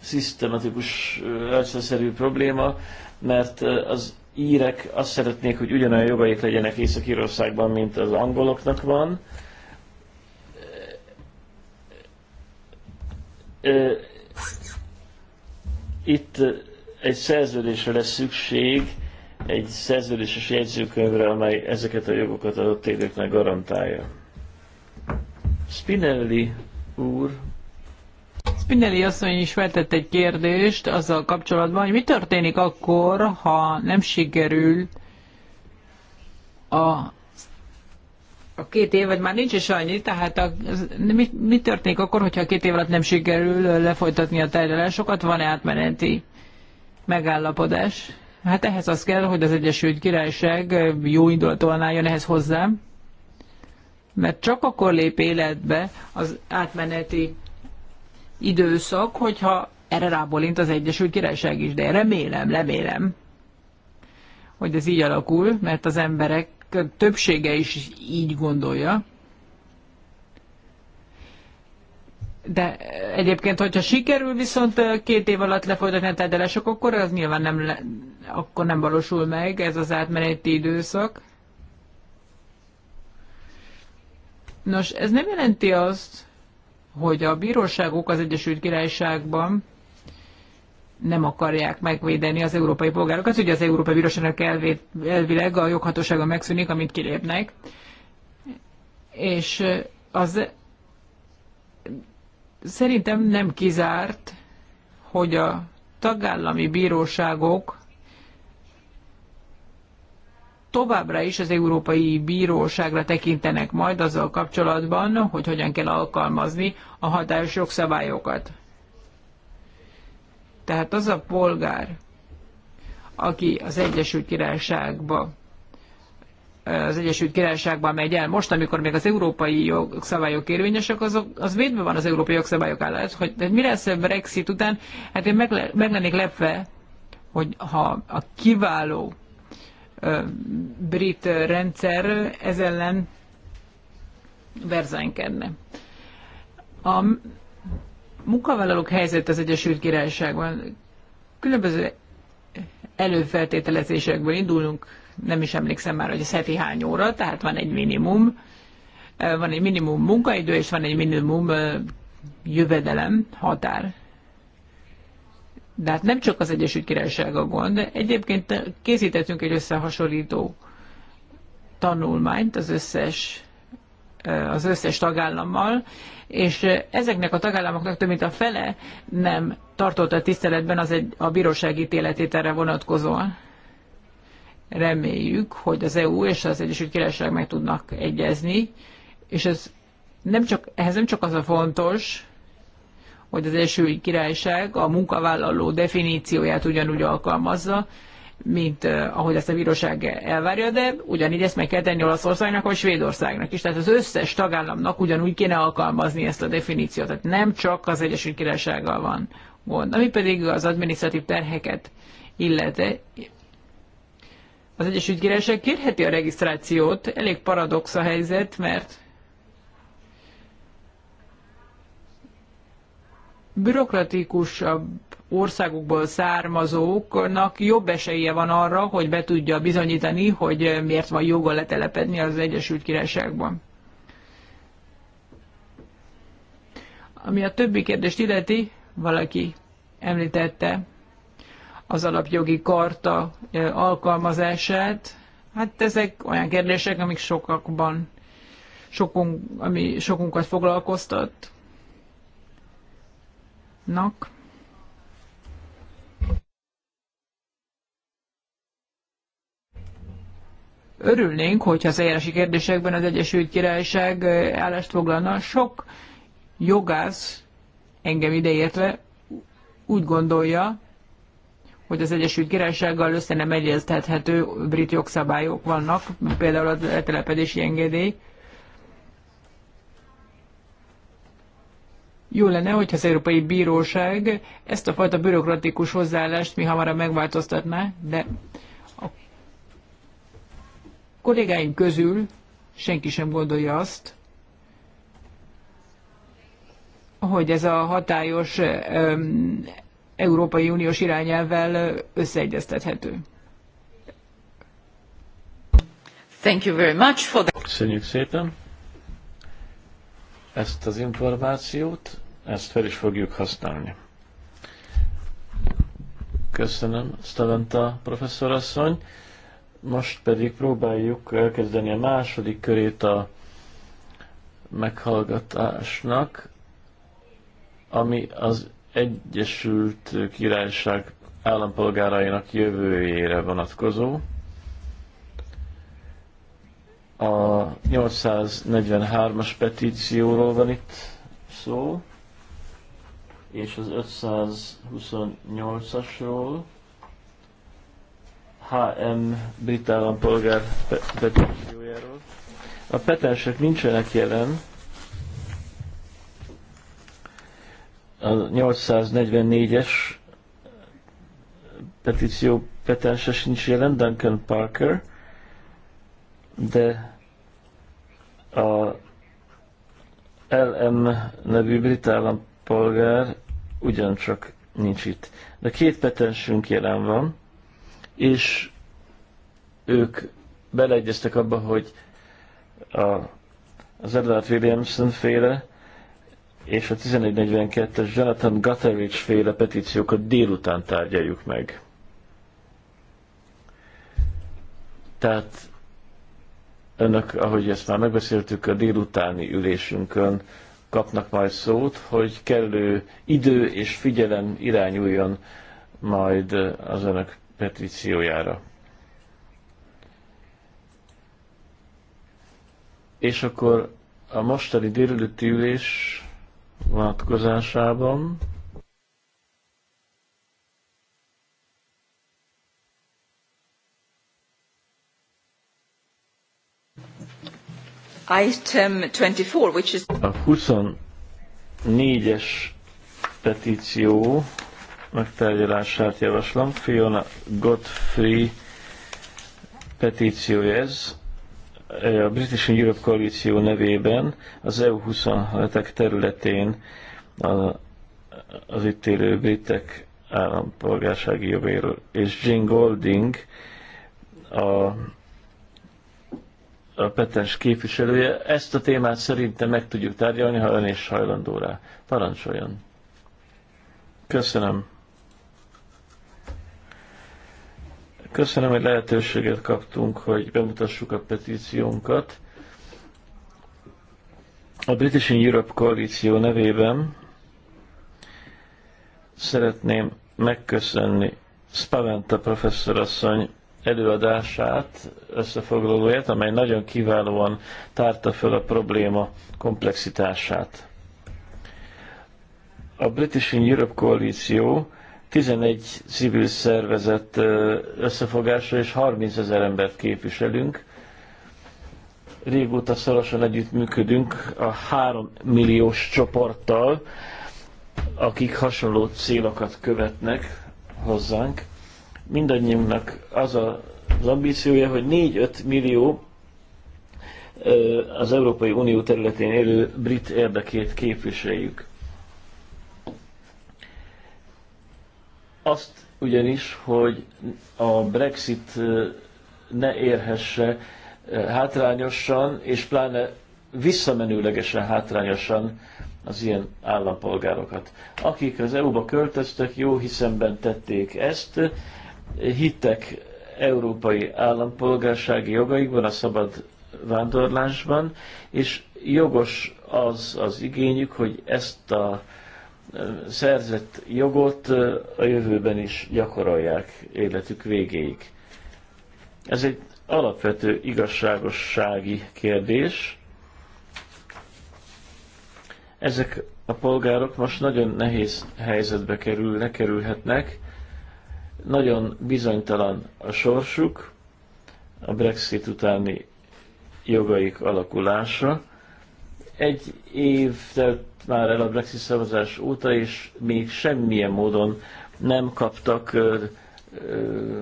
szisztematikus, rendszerszerű probléma, mert az írek azt szeretnék, hogy ugyanolyan jogaik legyenek Észak-Írországban, mint az angoloknak van, itt egy szerződésre lesz szükség, egy szerződéses jegyzőkönyvre, amely ezeket a jogokat adott élőknek garantálja. Spinelli úr. Spinelli asszony is feltett egy kérdést azzal kapcsolatban, hogy mi történik akkor, ha nem sikerül a a két évet már nincs is annyi, tehát a, mi, mi történik akkor, hogyha a két év alatt nem sikerül lefolytatni a tárgyalásokat, van-e átmeneti megállapodás? Hát ehhez az kell, hogy az Egyesült Királyság jó indulatúan álljon ehhez hozzá, mert csak akkor lép életbe az átmeneti időszak, hogyha erre rábólint az Egyesült Királyság is, de remélem, remélem, hogy ez így alakul, mert az emberek többsége is így gondolja. De egyébként, hogyha sikerül viszont két év alatt lefolytatni a tárgyalások, akkor az nyilván nem, le, akkor nem valósul meg ez az átmeneti időszak. Nos, ez nem jelenti azt, hogy a bíróságok az Egyesült Királyságban nem akarják megvédeni az európai polgárokat. Ugye az Európai Bíróságnak elvileg a joghatósága megszűnik, amit kilépnek. És az szerintem nem kizárt, hogy a tagállami bíróságok továbbra is az Európai Bíróságra tekintenek majd azzal kapcsolatban, hogy hogyan kell alkalmazni a hatályos jogszabályokat. Tehát az a polgár, aki az Egyesült Királyságba az Egyesült Királyságban megy el. Most, amikor még az európai jogszabályok érvényesek, azok, az védve van az európai jogszabályok állat, hogy de mi lesz a Brexit után? Hát én meg, meg lennék lepve, hogy ha a kiváló ö, brit rendszer ez ellen verzenkedne. A munkavállalók helyzet az Egyesült Királyságban különböző előfeltételezésekből indulunk, nem is emlékszem már, hogy ez heti hány óra, tehát van egy minimum, van egy minimum munkaidő, és van egy minimum jövedelem határ. De hát nem csak az Egyesült Királyság a gond, de egyébként készítettünk egy összehasonlító tanulmányt az összes az összes tagállammal, és ezeknek a tagállamoknak több mint a fele nem tartotta tiszteletben az egy, a bíróság ítéletét erre vonatkozóan. Reméljük, hogy az EU és az Egyesült Királyság meg tudnak egyezni, és ez nem csak, ehhez nem csak az a fontos, hogy az Egyesült Királyság a munkavállaló definícióját ugyanúgy alkalmazza, mint ahogy ezt a bíróság elvárja, de ugyanígy ezt meg kell tenni Olaszországnak vagy Svédországnak is. Tehát az összes tagállamnak ugyanúgy kéne alkalmazni ezt a definíciót. Tehát nem csak az Egyesült Királysággal van gond. Ami pedig az adminisztratív terheket illeti, az Egyesült Királyság kérheti a regisztrációt, elég paradox a helyzet, mert bürokratikusabb országokból származóknak jobb esélye van arra, hogy be tudja bizonyítani, hogy miért van joga letelepedni az Egyesült Királyságban. Ami a többi kérdést illeti, valaki említette az alapjogi karta alkalmazását. Hát ezek olyan kérdések, amik sokakban, sokunk, ami sokunkat foglalkoztat. Nak. örülnénk, hogyha az eljárási kérdésekben az Egyesült Királyság állást foglalna. Sok jogász, engem ideértve, úgy gondolja, hogy az Egyesült Királysággal össze nem egyeztethető brit jogszabályok vannak, például a telepedési engedély. Jó lenne, hogyha az Európai Bíróság ezt a fajta bürokratikus hozzáállást mi hamarabb megváltoztatná, de kollégáim közül senki sem gondolja azt, hogy ez a hatályos um, Európai Uniós irányelvvel összeegyeztethető. Thank you very much for that. Köszönjük szépen ezt az információt, ezt fel is fogjuk használni. Köszönöm, Staventa professzorasszony. Most pedig próbáljuk elkezdeni a második körét a meghallgatásnak, ami az Egyesült Királyság állampolgárainak jövőjére vonatkozó. A 843-as petícióról van itt szó, és az 528-asról. HM brit állampolgár petíciójáról. A petensek nincsenek jelen. A 844-es petíció petense sincs jelen, Duncan Parker, de a LM nevű brit állampolgár ugyancsak nincs itt. De két petensünk jelen van, és ők beleegyeztek abba, hogy a, az Edward Williamson féle és a 1142-es Jonathan Gutteridge féle petíciókat délután tárgyaljuk meg. Tehát önök, ahogy ezt már megbeszéltük, a délutáni ülésünkön kapnak majd szót, hogy kellő idő és figyelem irányuljon majd az önök petíciójára. És akkor a mostani délelőtti ülés vonatkozásában Item 24, which is... A 24-es petíció megtárgyalását javaslom. Fiona Godfrey petíciója ez a British and Europe koalíció nevében az EU-27-ek területén az itt élő britek állampolgársági jogairól, és Jane Golding a, a petens képviselője. Ezt a témát szerintem meg tudjuk tárgyalni, ha ön is hajlandó rá. Parancsoljon! Köszönöm! Köszönöm, hogy lehetőséget kaptunk, hogy bemutassuk a petíciónkat. A British in Europe koalíció nevében szeretném megköszönni Spaventa professzorasszony előadását, összefoglalóját, amely nagyon kiválóan tárta föl a probléma komplexitását. A British in Europe koalíció 11 civil szervezet összefogásra és 30 ezer embert képviselünk. Régóta szorosan együttműködünk a 3 milliós csoporttal, akik hasonló célokat követnek hozzánk. Mindannyiunknak az a, az ambíciója, hogy 4-5 millió az Európai Unió területén élő brit érdekét képviseljük Azt ugyanis, hogy a Brexit ne érhesse hátrányosan, és pláne visszamenőlegesen hátrányosan az ilyen állampolgárokat. Akik az EU-ba költöztek, jó hiszemben tették ezt, hittek európai állampolgársági jogaikban, a szabad vándorlásban, és jogos az az igényük, hogy ezt a szerzett jogot a jövőben is gyakorolják életük végéig. Ez egy alapvető igazságossági kérdés. Ezek a polgárok most nagyon nehéz helyzetbe kerülnek, kerülhetnek, nagyon bizonytalan a sorsuk, a Brexit utáni jogaik alakulása. Egy év telt már el a Brexit szavazás óta, és még semmilyen módon nem kaptak ö, ö,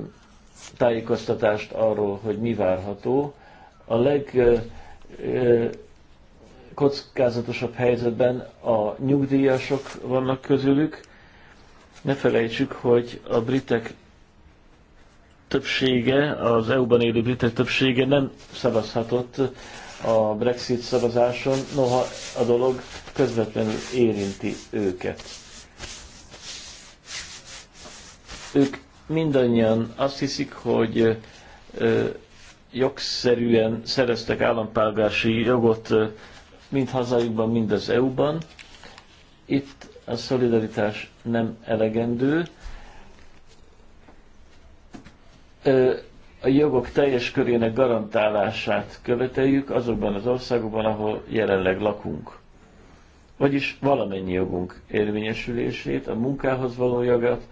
tájékoztatást arról, hogy mi várható. A legkockázatosabb helyzetben a nyugdíjasok vannak közülük. Ne felejtsük, hogy a britek többsége, az EU-ban élő britek többsége nem szavazhatott a Brexit szavazáson, noha a dolog közvetlenül érinti őket. Ők mindannyian azt hiszik, hogy jogszerűen szereztek állampolgársi jogot mind hazájukban, mind az EU-ban. Itt a szolidaritás nem elegendő a jogok teljes körének garantálását követeljük azokban az országokban, ahol jelenleg lakunk. Vagyis valamennyi jogunk érvényesülését, a munkához való jogot,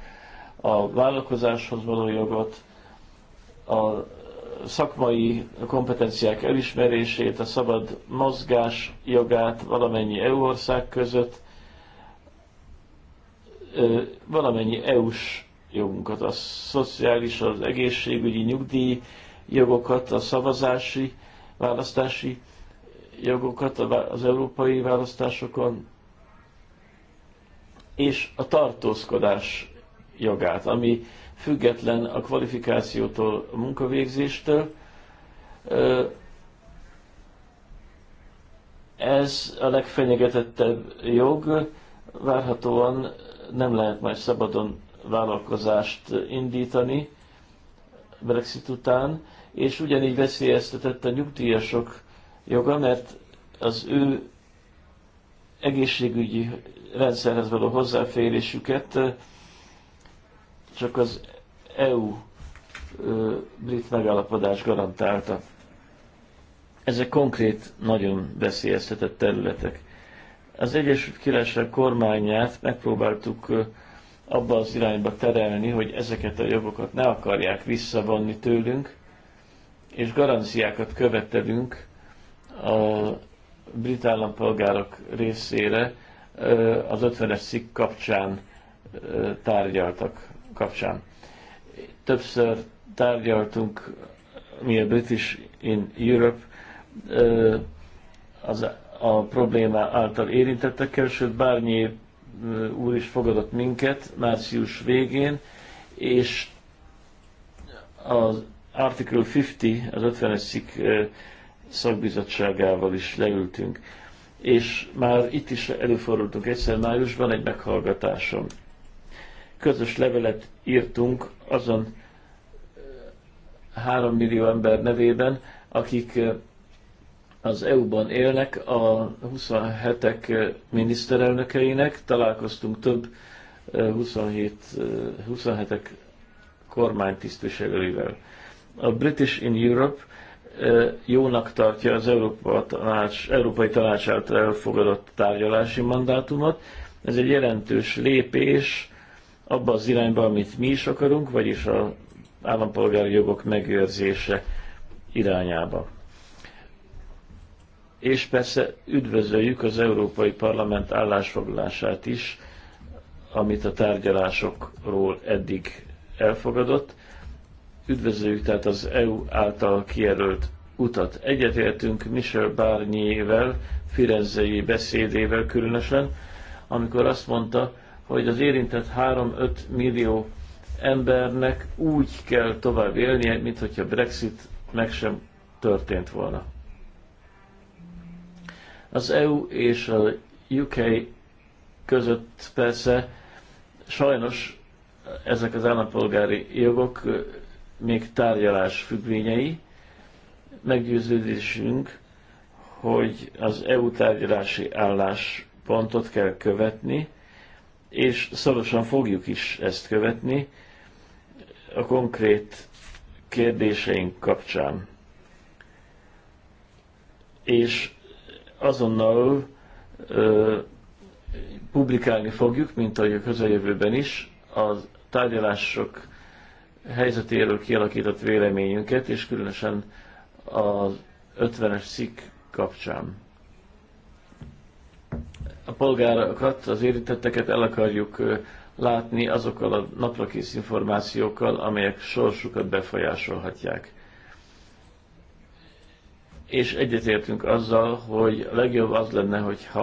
a vállalkozáshoz való jogot, a szakmai kompetenciák elismerését, a szabad mozgás jogát valamennyi EU ország között, valamennyi EU-s jogunkat, a szociális, az egészségügyi, nyugdíj jogokat, a szavazási, választási jogokat az európai választásokon, és a tartózkodás jogát, ami független a kvalifikációtól, a munkavégzéstől. Ez a legfenyegetettebb jog, várhatóan nem lehet majd szabadon vállalkozást indítani Brexit után, és ugyanígy veszélyeztetett a nyugdíjasok joga, mert az ő egészségügyi rendszerhez való hozzáférésüket csak az EU brit megállapodás garantálta. Ezek konkrét, nagyon veszélyeztetett területek. Az Egyesült Királyság kormányát megpróbáltuk abba az irányba terelni, hogy ezeket a jogokat ne akarják visszavonni tőlünk, és garanciákat követelünk a brit állampolgárok részére az 50-es szik kapcsán tárgyaltak kapcsán. Többször tárgyaltunk mi a British in Europe az a probléma által érintettekkel, sőt Bárnyi úr is fogadott minket március végén, és az Article 50, az 50-es szik szakbizottságával is leültünk. És már itt is előfordultunk egyszer májusban egy meghallgatáson. Közös levelet írtunk azon három millió ember nevében, akik az EU-ban élnek, a 27-ek miniszterelnökeinek, találkoztunk több 27, 27-ek kormánytisztviselőivel. A British in Europe jónak tartja az Európa Tanács, Európai Tanács által elfogadott tárgyalási mandátumot. Ez egy jelentős lépés abba az irányba, amit mi is akarunk, vagyis az állampolgári jogok megőrzése irányába és persze üdvözöljük az Európai Parlament állásfoglalását is, amit a tárgyalásokról eddig elfogadott. Üdvözöljük tehát az EU által kijelölt utat. Egyetértünk Michel Barnier-vel, Firenzei beszédével különösen, amikor azt mondta, hogy az érintett 3-5 millió embernek úgy kell tovább élnie, mint hogyha Brexit meg sem történt volna. Az EU és a UK között persze sajnos ezek az állampolgári jogok még tárgyalás függvényei. Meggyőződésünk, hogy az EU tárgyalási álláspontot kell követni, és szorosan fogjuk is ezt követni a konkrét kérdéseink kapcsán. És azonnal ö, publikálni fogjuk, mint ahogy a közeljövőben is, a tárgyalások helyzetéről kialakított véleményünket, és különösen az 50-es szik kapcsán. A polgárokat, az érintetteket el akarjuk látni azokkal a naplakész információkkal, amelyek sorsukat befolyásolhatják és egyetértünk azzal, hogy a legjobb az lenne, hogyha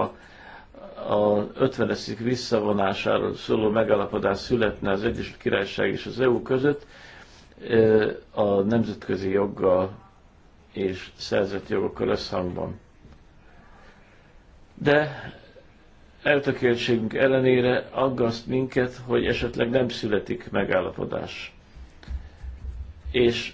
a 50 visszavonásáról szóló megállapodás születne az Egyesült Királyság és az EU között a nemzetközi joggal és szerzett jogokkal összhangban. De eltökéltségünk ellenére aggaszt minket, hogy esetleg nem születik megállapodás. És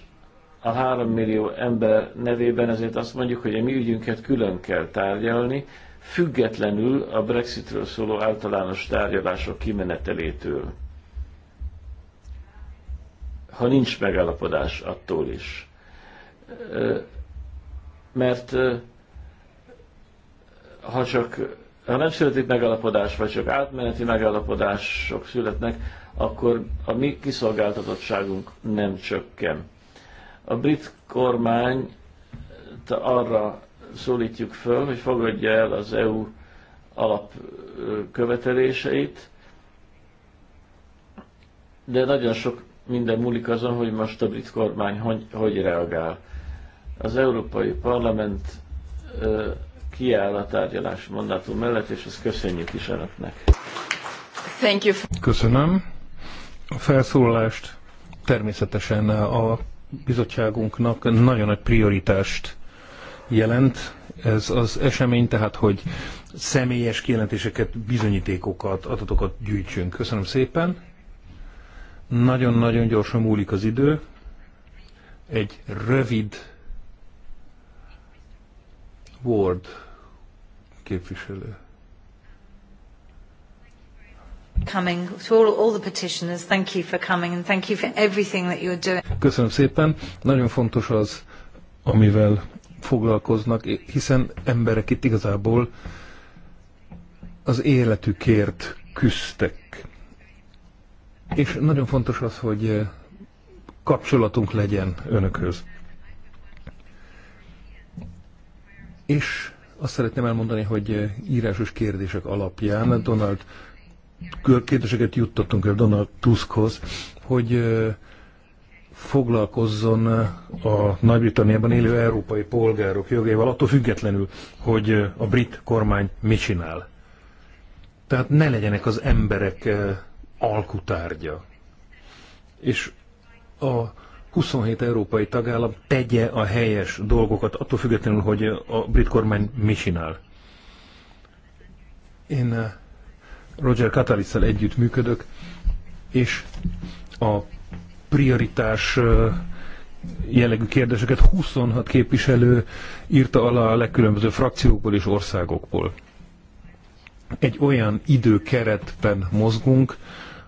a három millió ember nevében ezért azt mondjuk, hogy a mi ügyünket külön kell tárgyalni, függetlenül a Brexitről szóló általános tárgyalások kimenetelétől. Ha nincs megállapodás, attól is. Mert ha csak ha nem születik megállapodás, vagy csak átmeneti megállapodások születnek, akkor a mi kiszolgáltatottságunk nem csökken. A brit kormány arra szólítjuk föl, hogy fogadja el az EU alapköveteléseit, de nagyon sok minden múlik azon, hogy most a brit kormány hogy, hogy reagál. Az Európai Parlament kiáll a tárgyalás mandátum mellett, és ezt köszönjük is önöknek. Thank you. Köszönöm a felszólalást. Természetesen a bizottságunknak nagyon nagy prioritást jelent ez az esemény, tehát hogy személyes kijelentéseket, bizonyítékokat, adatokat gyűjtsünk. Köszönöm szépen. Nagyon-nagyon gyorsan múlik az idő. Egy rövid Ward képviselő. Coming to all, all the petitioners, thank you for coming and thank you for everything that you're doing. Köszönöm szépen. Nagyon fontos az, amivel foglalkoznak, hiszen emberek itt igazából az életükért küzdtek. És nagyon fontos az, hogy eh, kapcsolatunk legyen önökhöz. És azt szeretném elmondani, hogy eh, írásos kérdések alapján Donald kérdéseket juttattunk el Donald Tuskhoz, hogy foglalkozzon a Nagy-Britanniában élő európai polgárok jogaival, attól függetlenül, hogy a brit kormány mit csinál. Tehát ne legyenek az emberek alkutárgya. És a 27 európai tagállam tegye a helyes dolgokat, attól függetlenül, hogy a brit kormány mit csinál. Én Roger Katalisszel együtt működök, és a prioritás jellegű kérdéseket 26 képviselő írta alá a legkülönböző frakciókból és országokból. Egy olyan időkeretben mozgunk,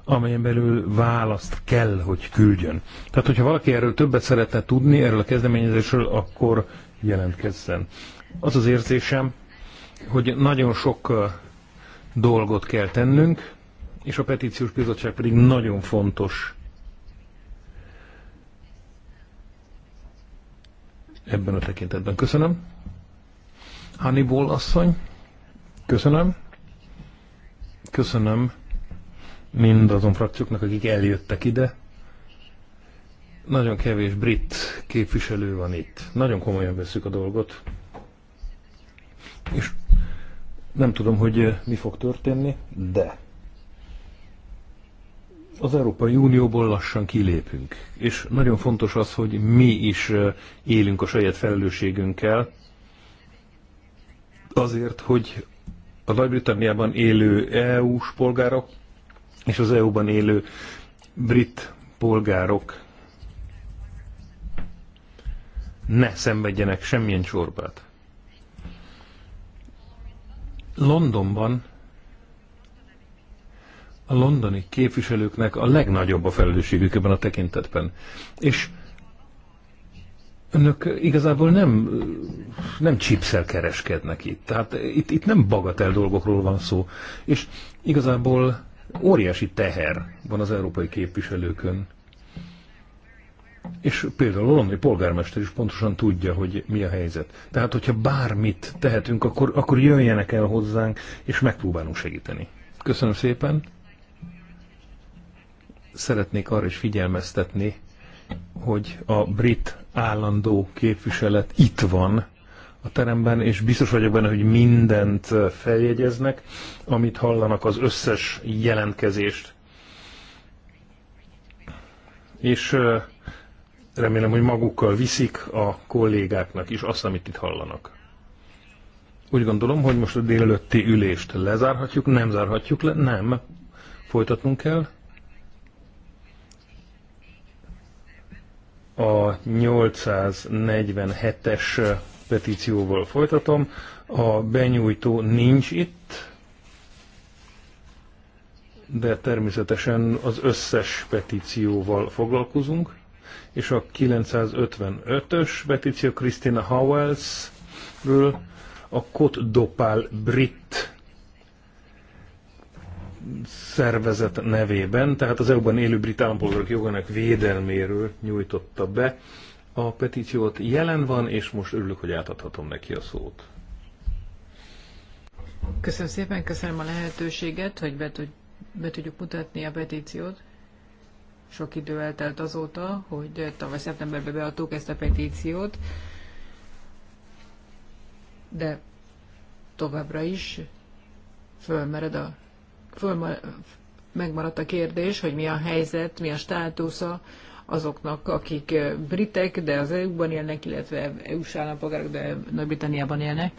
amelyen belül választ kell, hogy küldjön. Tehát, hogyha valaki erről többet szeretne tudni, erről a kezdeményezésről, akkor jelentkezzen. Az az érzésem, hogy nagyon sok dolgot kell tennünk, és a petíciós bizottság pedig nagyon fontos ebben a tekintetben. Köszönöm. Hannibal asszony, köszönöm. Köszönöm mindazon frakcióknak, akik eljöttek ide. Nagyon kevés brit képviselő van itt. Nagyon komolyan veszük a dolgot. És nem tudom, hogy eh, mi fog történni, de az Európai Unióból lassan kilépünk. És nagyon fontos az, hogy mi is eh, élünk a saját felelősségünkkel, azért, hogy a Nagy-Britanniában élő EU-s polgárok és az EU-ban élő brit polgárok ne szenvedjenek semmilyen csorbát. Londonban a londoni képviselőknek a legnagyobb a felelősségük ebben a tekintetben. És önök igazából nem, nem csipszel kereskednek itt. Tehát itt, itt nem bagatel dolgokról van szó. És igazából óriási teher van az európai képviselőkön. És például a londoni polgármester is pontosan tudja, hogy mi a helyzet. Tehát, hogyha bármit tehetünk, akkor, akkor jöjjenek el hozzánk, és megpróbálunk segíteni. Köszönöm szépen. Szeretnék arra is figyelmeztetni, hogy a brit állandó képviselet itt van a teremben, és biztos vagyok benne, hogy mindent feljegyeznek, amit hallanak, az összes jelentkezést. És remélem, hogy magukkal viszik a kollégáknak is azt, amit itt hallanak. Úgy gondolom, hogy most a délelőtti ülést lezárhatjuk, nem zárhatjuk le, nem. Folytatnunk kell. A 847-es petícióval folytatom. A benyújtó nincs itt, de természetesen az összes petícióval foglalkozunk és a 955-ös petíció Kristina Howells-ről, a Kot Dopál brit szervezet nevében, tehát az EU-ban élő brit állampolgárok jogának védelméről nyújtotta be a petíciót. Jelen van, és most örülök, hogy átadhatom neki a szót. Köszönöm szépen, köszönöm a lehetőséget, hogy be, tud, be tudjuk mutatni a petíciót. Sok idő eltelt azóta, hogy tavaly szeptemberben beadtuk ezt a petíciót, de továbbra is fölmered a, fölma, megmaradt a kérdés, hogy mi a helyzet, mi a státusza azoknak, akik britek, de az EU-ban élnek, illetve EU-s állampolgárok, de Nagy-Britanniában élnek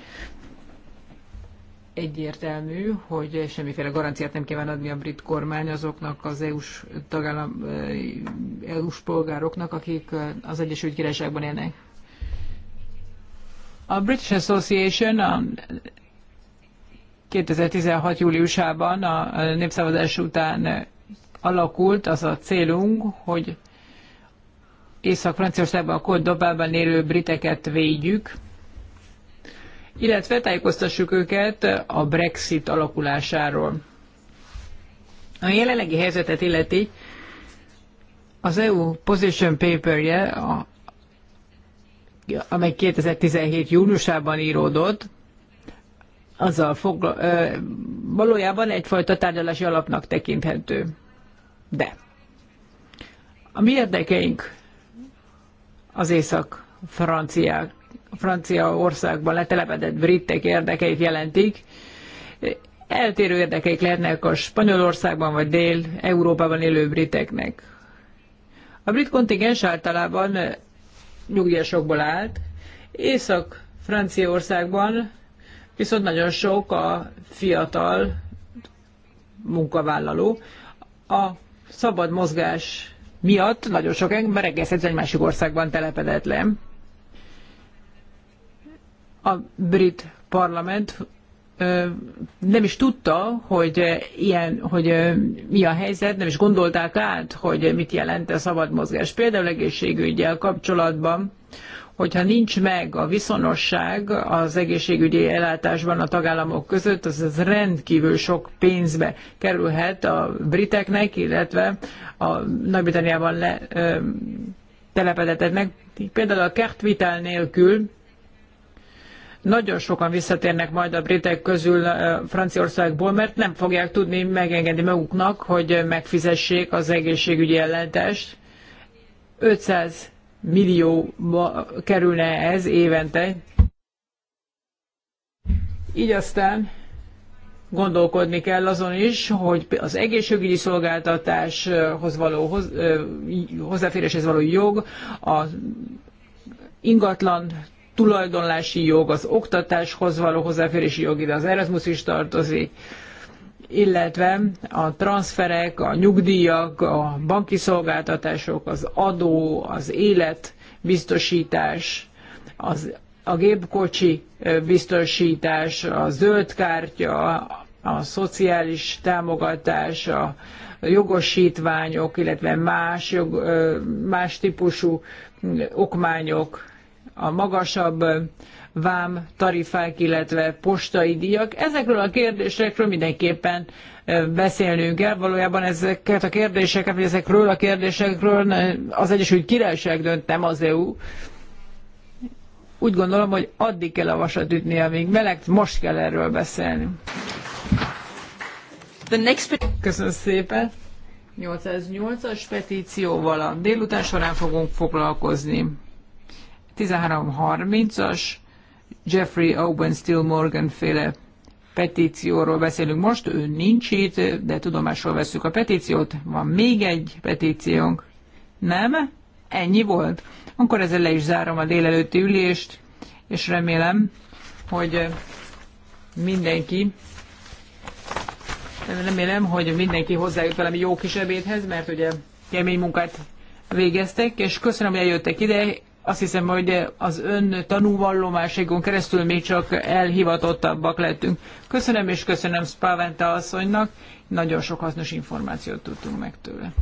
egyértelmű, hogy semmiféle garanciát nem kíván adni a brit kormány azoknak az EU-s tagállam, EU-s eh, e polgároknak, akik eh, az Egyesült Királyságban élnek. A British Association a 2016. júliusában a népszavazás után alakult, az a célunk, hogy Észak-Franciaországban, a Côte élő briteket védjük, illetve tájékoztassuk őket a Brexit alakulásáról. A jelenlegi helyzetet illeti az EU Position Paperje, a, amely 2017. júniusában íródott, azzal fogla, ö, valójában egyfajta tárgyalási alapnak tekinthető. De a mi érdekeink az észak-franciák Franciaországban letelepedett britek érdekeit jelentik. Eltérő érdekeik lehetnek a Spanyolországban vagy Dél-Európában élő briteknek. A brit kontingens általában nyugdíjasokból állt, Észak-Franciaországban viszont nagyon sok a fiatal munkavállaló. A szabad mozgás miatt nagyon sok ember egész egy másik országban telepedett le a brit parlament nem is tudta, hogy, ilyen, hogy mi a helyzet, nem is gondolták át, hogy mit jelent a szabad mozgás. Például egészségügyel kapcsolatban, hogyha nincs meg a viszonosság az egészségügyi ellátásban a tagállamok között, az, az rendkívül sok pénzbe kerülhet a briteknek, illetve a Nagy-Britanniában le, telepedetetnek. Például a kertvitel nélkül nagyon sokan visszatérnek majd a britek közül Franciaországból, mert nem fogják tudni megengedni maguknak, hogy megfizessék az egészségügyi ellentést. 500 millióba kerülne ez évente. Így aztán gondolkodni kell azon is, hogy az egészségügyi szolgáltatáshoz való hozzáféréshez való jog, a ingatlan tulajdonlási jog, az oktatáshoz való hozzáférési jog, ide az Erasmus is tartozik, illetve a transferek, a nyugdíjak, a banki szolgáltatások, az adó, az életbiztosítás, az, a gépkocsi biztosítás, a zöld kártya, a szociális támogatás, a jogosítványok, illetve más, jog, más típusú okmányok, a magasabb vám tarifák, illetve postai díjak. Ezekről a kérdésekről mindenképpen beszélnünk kell. Valójában ezeket a kérdéseket, vagy ezekről a kérdésekről az Egyesült Királyság dönt, nem az EU. Úgy gondolom, hogy addig kell a vasat ütni, amíg meleg, most kell erről beszélni. The next... Köszönöm szépen. 808-as petícióval a délután során fogunk foglalkozni. 1330-as Jeffrey Owen Steele Morgan féle petícióról beszélünk most, ő nincs itt, de tudomásról veszük a petíciót. Van még egy petíciónk. Nem? Ennyi volt? Akkor ezzel le is zárom a délelőtti ülést, és remélem, hogy mindenki remélem, hogy mindenki hozzájut valami jó kis ebédhez, mert ugye kemény munkát végeztek, és köszönöm, hogy eljöttek ide, azt hiszem, hogy az ön tanúvallomáségon keresztül mi csak elhivatottabbak lettünk. Köszönöm és köszönöm Spaventa asszonynak, nagyon sok hasznos információt tudtunk meg tőle.